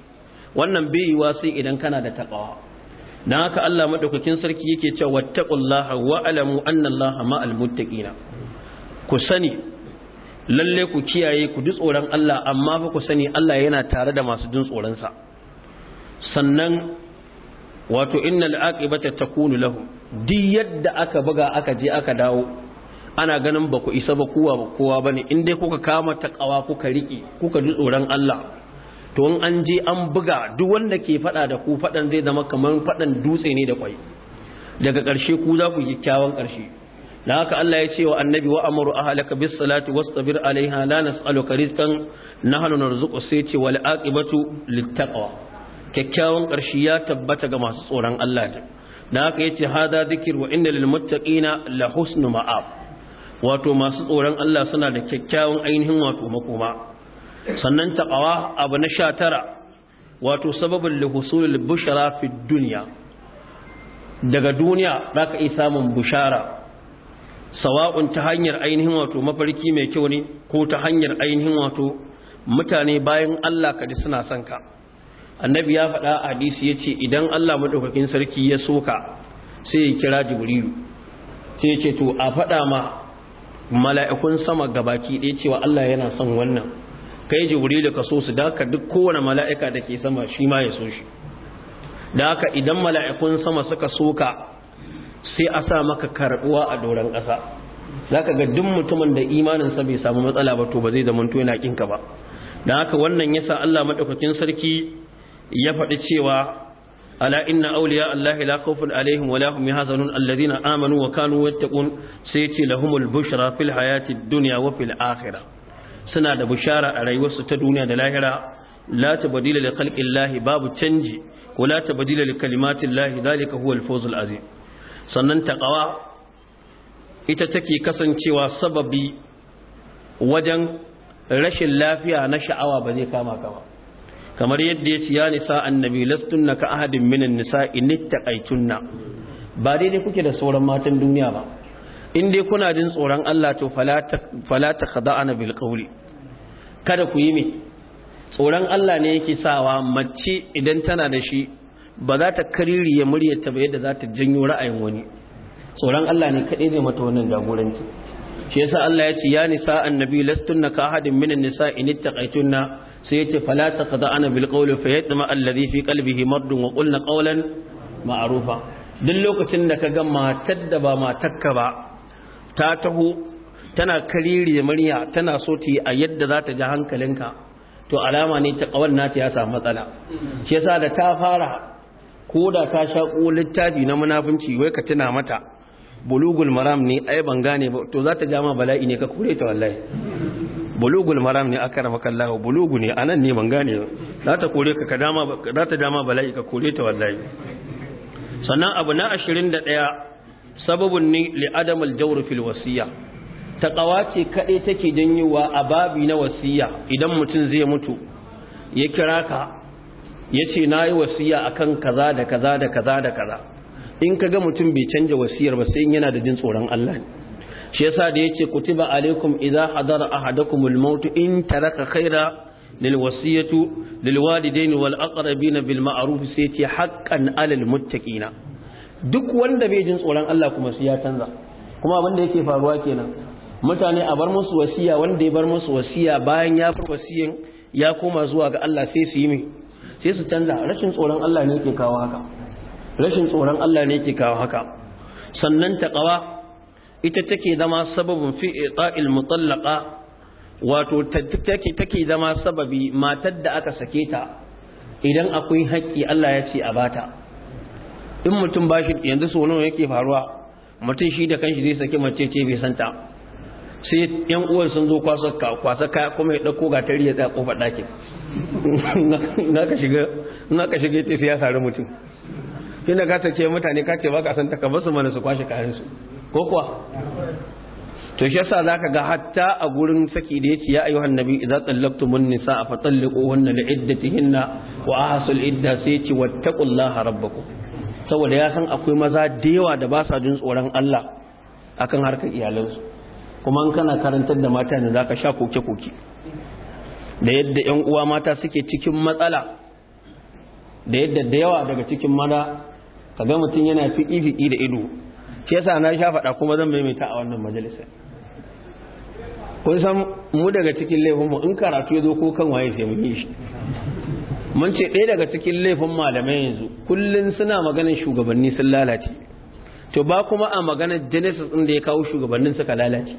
wannan bai sai idan kana da taƙawa na haka Allah maɗaukakin sarki yake cewa wattaqullaha wa alamu anna Allaha ma'al muttaqina ku sani lalle ku kiyaye ku ji tsoron Allah amma ba ku sani Allah yana tare da masu jin tsoronsa sannan wato innal aqibata takunu lahu duk yadda aka buga aka je aka dawo ana ganin ba ku isa ba kowa ba kowa bane in dai kuka kama ta takawa kuka riki kuka ji tsoron Allah to in an je an buga duk wanda ke fada da ku fadan zai zama kamar fadan dutse ne da kwai daga ƙarshe ku za ku yi kyawawan ƙarshe da haka Allah ya ce wa annabi wa amuru ahlaka bis salati wastabir alaiha la nas'aluka rizqan nahnu narzuqu sai ce wal aqibatu littaqwa kyakkyawan ƙarshe ya tabbata ga masu tsoron Allah da da haka yace hada dhikr wa inna lil muttaqina la husnu ma'ab wato masu tsoron Allah suna da kyakkyawan ainihin wato makoma sannan taqwa abu na 19 wato sababin li husulil bushara fid dunya daga duniya zaka iya samun bushara sawa'un ta hanyar ainihin wato mafarki mai kyau ne ko ta hanyar ainihin wato mutane bayan Allah kadi suna son ka annabi ya faɗa a hadisi ya ce idan Allah maɗaukakin sarki ya so ka, sai ya kira jibrilu sai ya ce to a faɗa ma mala'ikun sama gabaki ɗaya cewa Allah yana son wannan kai jibrilu ka so su daka duk kowane mala'ika da ke sama shi ma ya so shi da idan mala'ikun sama suka soka sai a sa maka karbuwa a doron ƙasa za ka ga duk mutumin da imaninsa bai samu matsala ba to ba zai zamanta yana ƙinka ba da haka wannan ya sa Allah maɗaukakin sarki ya faɗi cewa inna auliya Allah la khawfun alaihim wa lahum amanu wa kanu yattaqun sai suna da bushara a rayuwar ta duniya da lahira la tabdila babu canji ko la tabdila kalimatillahi dalika huwa al-fawzul sannan taƙawa ita take kasancewa sababi wajen rashin lafiya na sha'awa ba zai kama ka ba. kamar yadda ya ce ya nisa annabi na ka ahadin minin nisa na ba daidai kuke da sauran matan duniya ba in dai kuna jin tsoron Allah to fala ta khada'ana bil kada ku yi mai tsoron Allah ne yake sawa mace idan tana da shi ba za ta kaririye muryarta ba yadda za ta janyo ra'ayin wani tsoron Allah ne kaɗai zai mata wannan jagoranci shi yasa Allah ya ce ya nisa annabi lastunna ka ahadin minan nisa in ittaqaitunna sai yace fala ka bil qawli fa yatma alladhi fi qalbihi mardun wa qulna qawlan ma'rufa duk lokacin da ka ga matar da ba matarka ba ta taho tana kariri murya tana so ta yi a yadda za ta ji hankalinka to alama ne ta kawar nata ya samu matsala shi yasa da ta fara ko da ta shaƙo littafi na munafunci wai ka tuna mata bulugul maram ne ai ban gane ba to za ta ja ma bala'i ne ka kure ta wallahi bulugul maram ne aka rama kallahu bulugu ne anan ne ban gane za ta kore ka za ta ja ma bala'i ka kore ta wallahi sannan abu na 21 sababun ni li adamul jawr fil wasiya ta ce kaɗai take janyowa a babi na wasiya idan mutum zai mutu ya kira ka ya ce na yi wasiya a kan kaza da kaza da kaza da kaza in ka ga mutum bai canja wasiyar ba sai yana da jin tsoron Allah ne shi yasa da yace kutiba alaikum idza hadara ahadakumul maut in taraka khaira lil wasiyatu lil walidaini wal aqrabin bil ma'ruf sai ce haqqan alal muttaqina duk wanda bai jin tsoron Allah kuma sai ya canza kuma abin da yake faruwa kenan mutane a bar musu wasiya wanda ya bar musu wasiya bayan ya far wasiyin ya koma zuwa ga Allah sai su yi mai sai su canza rashin tsoron Allah ne ke kawo haka rashin tsoron Allah ne ke kawo haka sannan taqwa ita take zama sababin fi iqa'il mutallaqa wato take take zama sababi matar da aka sake ta idan akwai haƙƙi Allah ya ce a bata in mutum bashi yanzu so yake faruwa mutum shi da kanshi zai sake mace ce bai santa sai yan uwan sun zo kwasa kaya kuma ya ɗauko ga gatari ya tsaya kofar ɗakin na ka shiga ita sai ya sare mutum fi da ka ce mutane ka ba ka san ta basu mana su kwashe kayansu su ko kuwa to shi yasa zaka ga hatta a gurin saki da a ya ayyuhan nabi idza tallaqtumun nisaa fa talliquhunna li'iddatihinna wa ahsul idda sai yace wattaqullaha rabbakum saboda ya san akwai maza da yawa da ba sa jin tsoron Allah akan harkar iyalansu kuma in kana karantar da mata ne za ka sha koke-koke da yadda 'yan uwa mata suke cikin matsala da yadda da yawa daga cikin mana ka ga mutum yana fiƙi-fiƙi da ido Ke sa na sha faɗa kuma zan maimaita a wannan majalisar kun san mu daga cikin laifinmu in karatu ya zo ko kan waye sai mu yi shi mun ce ɗaya daga cikin laifin malamai yanzu kullum suna maganin shugabanni sun lalace to ba kuma a magana genesis din da ya kawo shugabannin suka lalace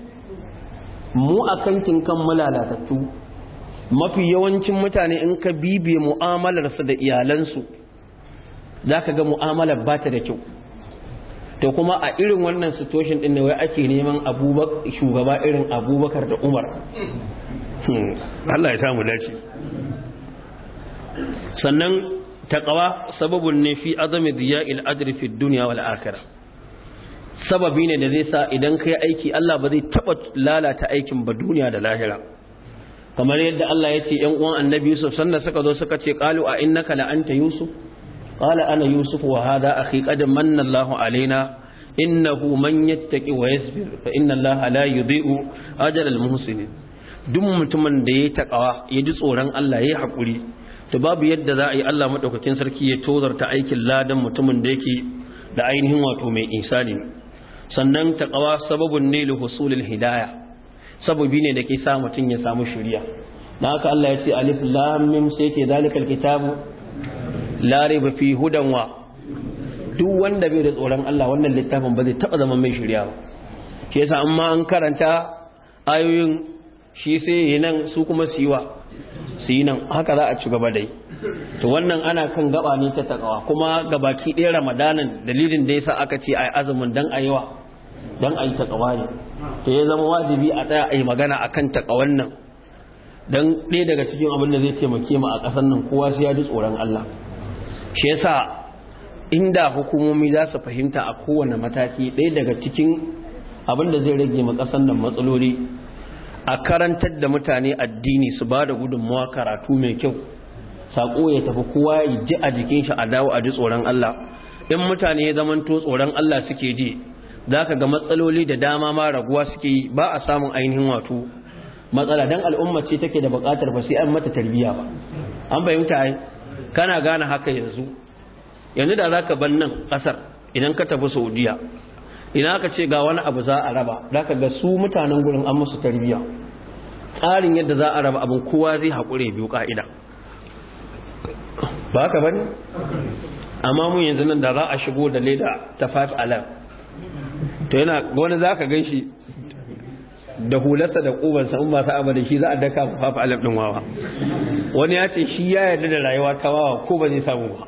mu a kankin kan malalatattu mafi yawancin mutane in ka bibiye mu'amalarsu da iyalansu za ka ga mu'amalar ba ta da kyau to kuma a irin wannan situation din ne wai ake neman shugaba irin abubakar da umar hmm. Allah ya samu dace sannan taqwa sababun ne fi azami diya'il ajri fi dunya wal akhirah sababi ne da zai sa idan ka aiki Allah ba zai taɓa lalata aikin ba duniya da lahira kamar yadda Allah ya ce ‘yan uwan annabi Yusuf sanda suka zo suka ce ƙalu a innaka la'anta Yusuf ƙala ana Yusuf wa hada a ƙiƙadin manna Allahu alaina hu man yattaqi wa yasbir fa inna Allaha la yudhi'u ajra al-muhsinin duk mutumin da ya takawa ya ji tsoron Allah ya hakuri to babu yadda za a yi Allah maɗaukakin sarki ya tozarta aikin ladan mutumin da yake da ainihin wato mai isani sannan taqwa sababun ne li husulil hidaya sababi ne da ke sa mutum ya samu shiriya dan haka Allah ya ce alif lam mim sai ke zalikal kitabu la ba fi hudan duk wanda bai da tsoron Allah wannan littafin ba zai taba zama mai shirya ba shi yasa amma an karanta ayoyin shi sai yi nan su kuma su yi su yi nan haka za a ci gaba dai to wannan ana kan gaba ne ta takawa kuma gabaki ɗaya ramadanin dalilin da yasa aka ce a yi azumin don a yi wa dan ayi takawa ne to ya zama wajibi a tsaya yi magana a kan taƙawan nan don ɗaya daga cikin abin da zai taimake ma a ƙasar nan kowa sai ya ji tsoron Allah shi yasa inda hukumomi za su fahimta a kowane mataki ɗaya daga cikin abin da zai rage mu ƙasar nan matsaloli a karantar da mutane addini su ba da gudunmawa karatu mai kyau sako ya tafi kowa ya ji a jikin shi a dawo a ji tsoron Allah in mutane ya zamanto tsoron Allah suke ji za ka ga matsaloli da dama ma raguwa suke yi ba a samun ainihin wato matsala don al'umma ce take da bukatar ba sai an mata tarbiyya ba an fahimta ai kana gane haka yanzu yanzu da za ka ban nan ƙasar idan ka tafi saudiya idan aka ce ga wani abu za a raba za ka ga su mutanen gurin an musu tarbiyya tsarin yadda za a raba abin kowa zai haƙure biyu ƙa'ida ba ka bane amma mun yanzu nan da za a shigo da leda ta 5 alarm to yana wani za ka gan shi da hularsa da kubansa in sa abu da shi za a daka mu fafa alaf wawa wani ya ce shi ya yarda da rayuwa ta wawa ko ba zai samu ba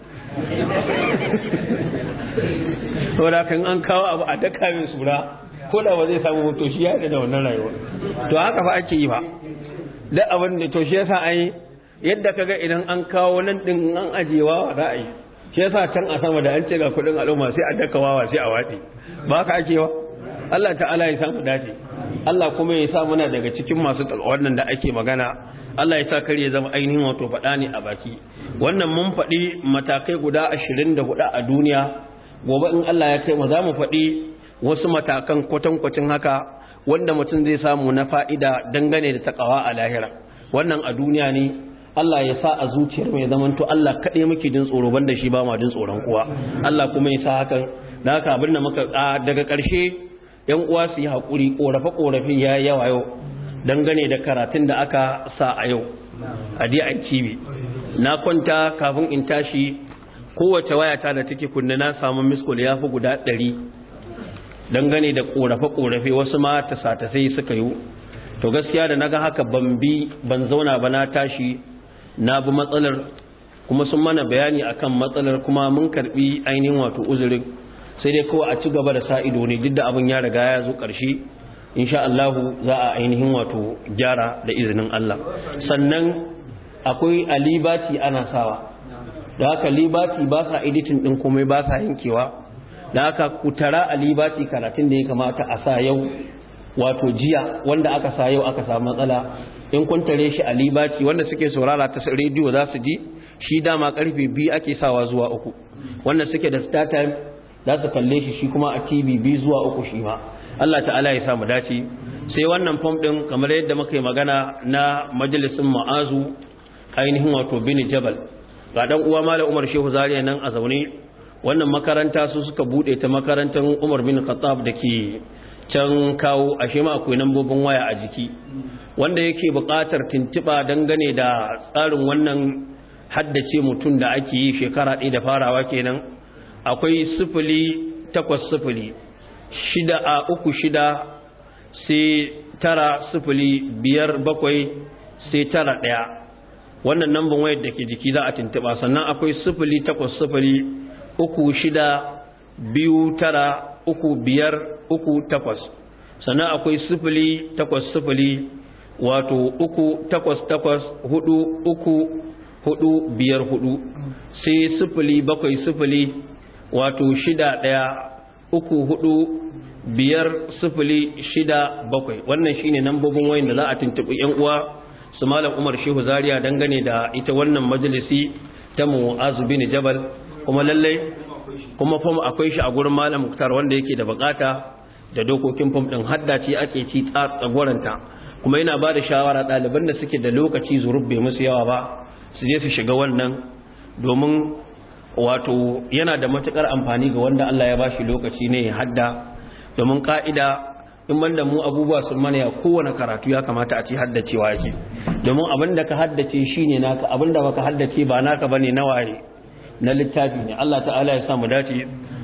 da kan an kawo abu a daka min sura ko da ba zai samu ba to shi ya yarda da wannan rayuwa to haka fa ake yi ba da abin da to shi yasa ai yadda kaga idan an kawo nan din an ajewa yi. shi sa can a sama da an ce ga kudin al'umma sai a daka wawa sai a waɗi ba ka ake wa Allah ta'ala ya samu dace Allah kuma ya sa muna daga cikin masu wannan da ake magana Allah ya sa kar ya zama ainihin wato faɗa ne a baki wannan mun faɗi matakai guda ashirin da 24 a duniya gobe in Allah ya kai mu za mu faɗi wasu matakan kwatankwacin haka wanda mutum zai samu na fa'ida dangane da ta ƙawa a lahira wannan a duniya ne Allah ya sa a zuciyar mai zaman to Allah kaɗai muke jin tsoro ban da shi ba ma jin tsoron kuwa Allah kuma ya sa hakan da haka abin da muka daga ƙarshe yan uwa su yi haƙuri ƙorafe ƙorafe ya yi yawa yau dangane da karatun da aka sa a yau a cibi na kwanta kafin in tashi kowace waya ta da take kunna na samu miskul ya fi guda ɗari dangane da ƙorafe ƙorafe wasu ma tasa sai suka yi to gaskiya da naga haka ban bi ban zauna ba na tashi na bi matsalar kuma sun mana bayani akan matsalar kuma mun karbi ainihin wato uzurin sai dai kawai a ci gaba da sa ido ne duk da abin ya riga ya zo ƙarshe insha Allah za a ainihin wato gyara da izinin Allah sannan akwai alibati ana sawa da haka libati ba sa editing din komai ba sa yankewa da haka kutara tara alibati karatun da ya kamata a sa yau wato jiya wanda aka sa yau aka samu matsala in kun tare shi a libaci wanda suke saurara ta rediyo za su ji shi dama karfe biyu ake sawa zuwa uku wanda suke da start time za su kalle shi shi kuma a tv biyu zuwa uku shi ma Allah ta'ala ya sa mu dace sai wannan fom din kamar yadda muka yi magana na majalisin ma'azu ainihin wato Bini jabal ga dan uwa malam Umar Shehu Zariya nan a zaune wannan makaranta su suka bude ta makarantar Umar bin Khattab ke. can kawo ashe ma akwai nambobin waya a jiki wanda yake buƙatar tuntuɓa dangane da tsarin wannan haddace mutum da ake yi shekara ɗaya da farawa kenan akwai sifili takwas sifili shida a uku shida sai tara sifili biyar bakwai sai tara ɗaya wannan namban wayar da ke jiki za a tuntuɓa sannan akwai sifili takwas sifili uku shida biyu tara uku biyar uku takwas sannan akwai sifili takwas sifili wato uku takwas takwas hudu uku hudu biyar hudu sai sifili bakwai sifili wato shida daya uku hudu biyar sifili shida bakwai wannan shine nambobin wayan da za a tuntuɓi yan uwa su malam umar shehu zaria dangane da ita wannan majalisi ta mu'azu bin jabal kuma lallai kuma fam akwai shi a gurin malam muktar wanda yake da bukata da dokokin fom ɗin hadda ce ake ci tsagwaranta kuma yana ba da shawara ɗaliban da suke da lokaci zurubbe musu yawa ba su je su shiga wannan domin wato yana da matukar amfani ga wanda Allah ya bashi lokaci ne hadda domin ka'ida in banda mu abubuwa sun mana ya kowane karatu ya kamata a ci haddacewa yake domin abin da ka haddace shine naka abin da baka haddace ba naka bane na waye na littafi ne Allah ta'ala ya sa mu dace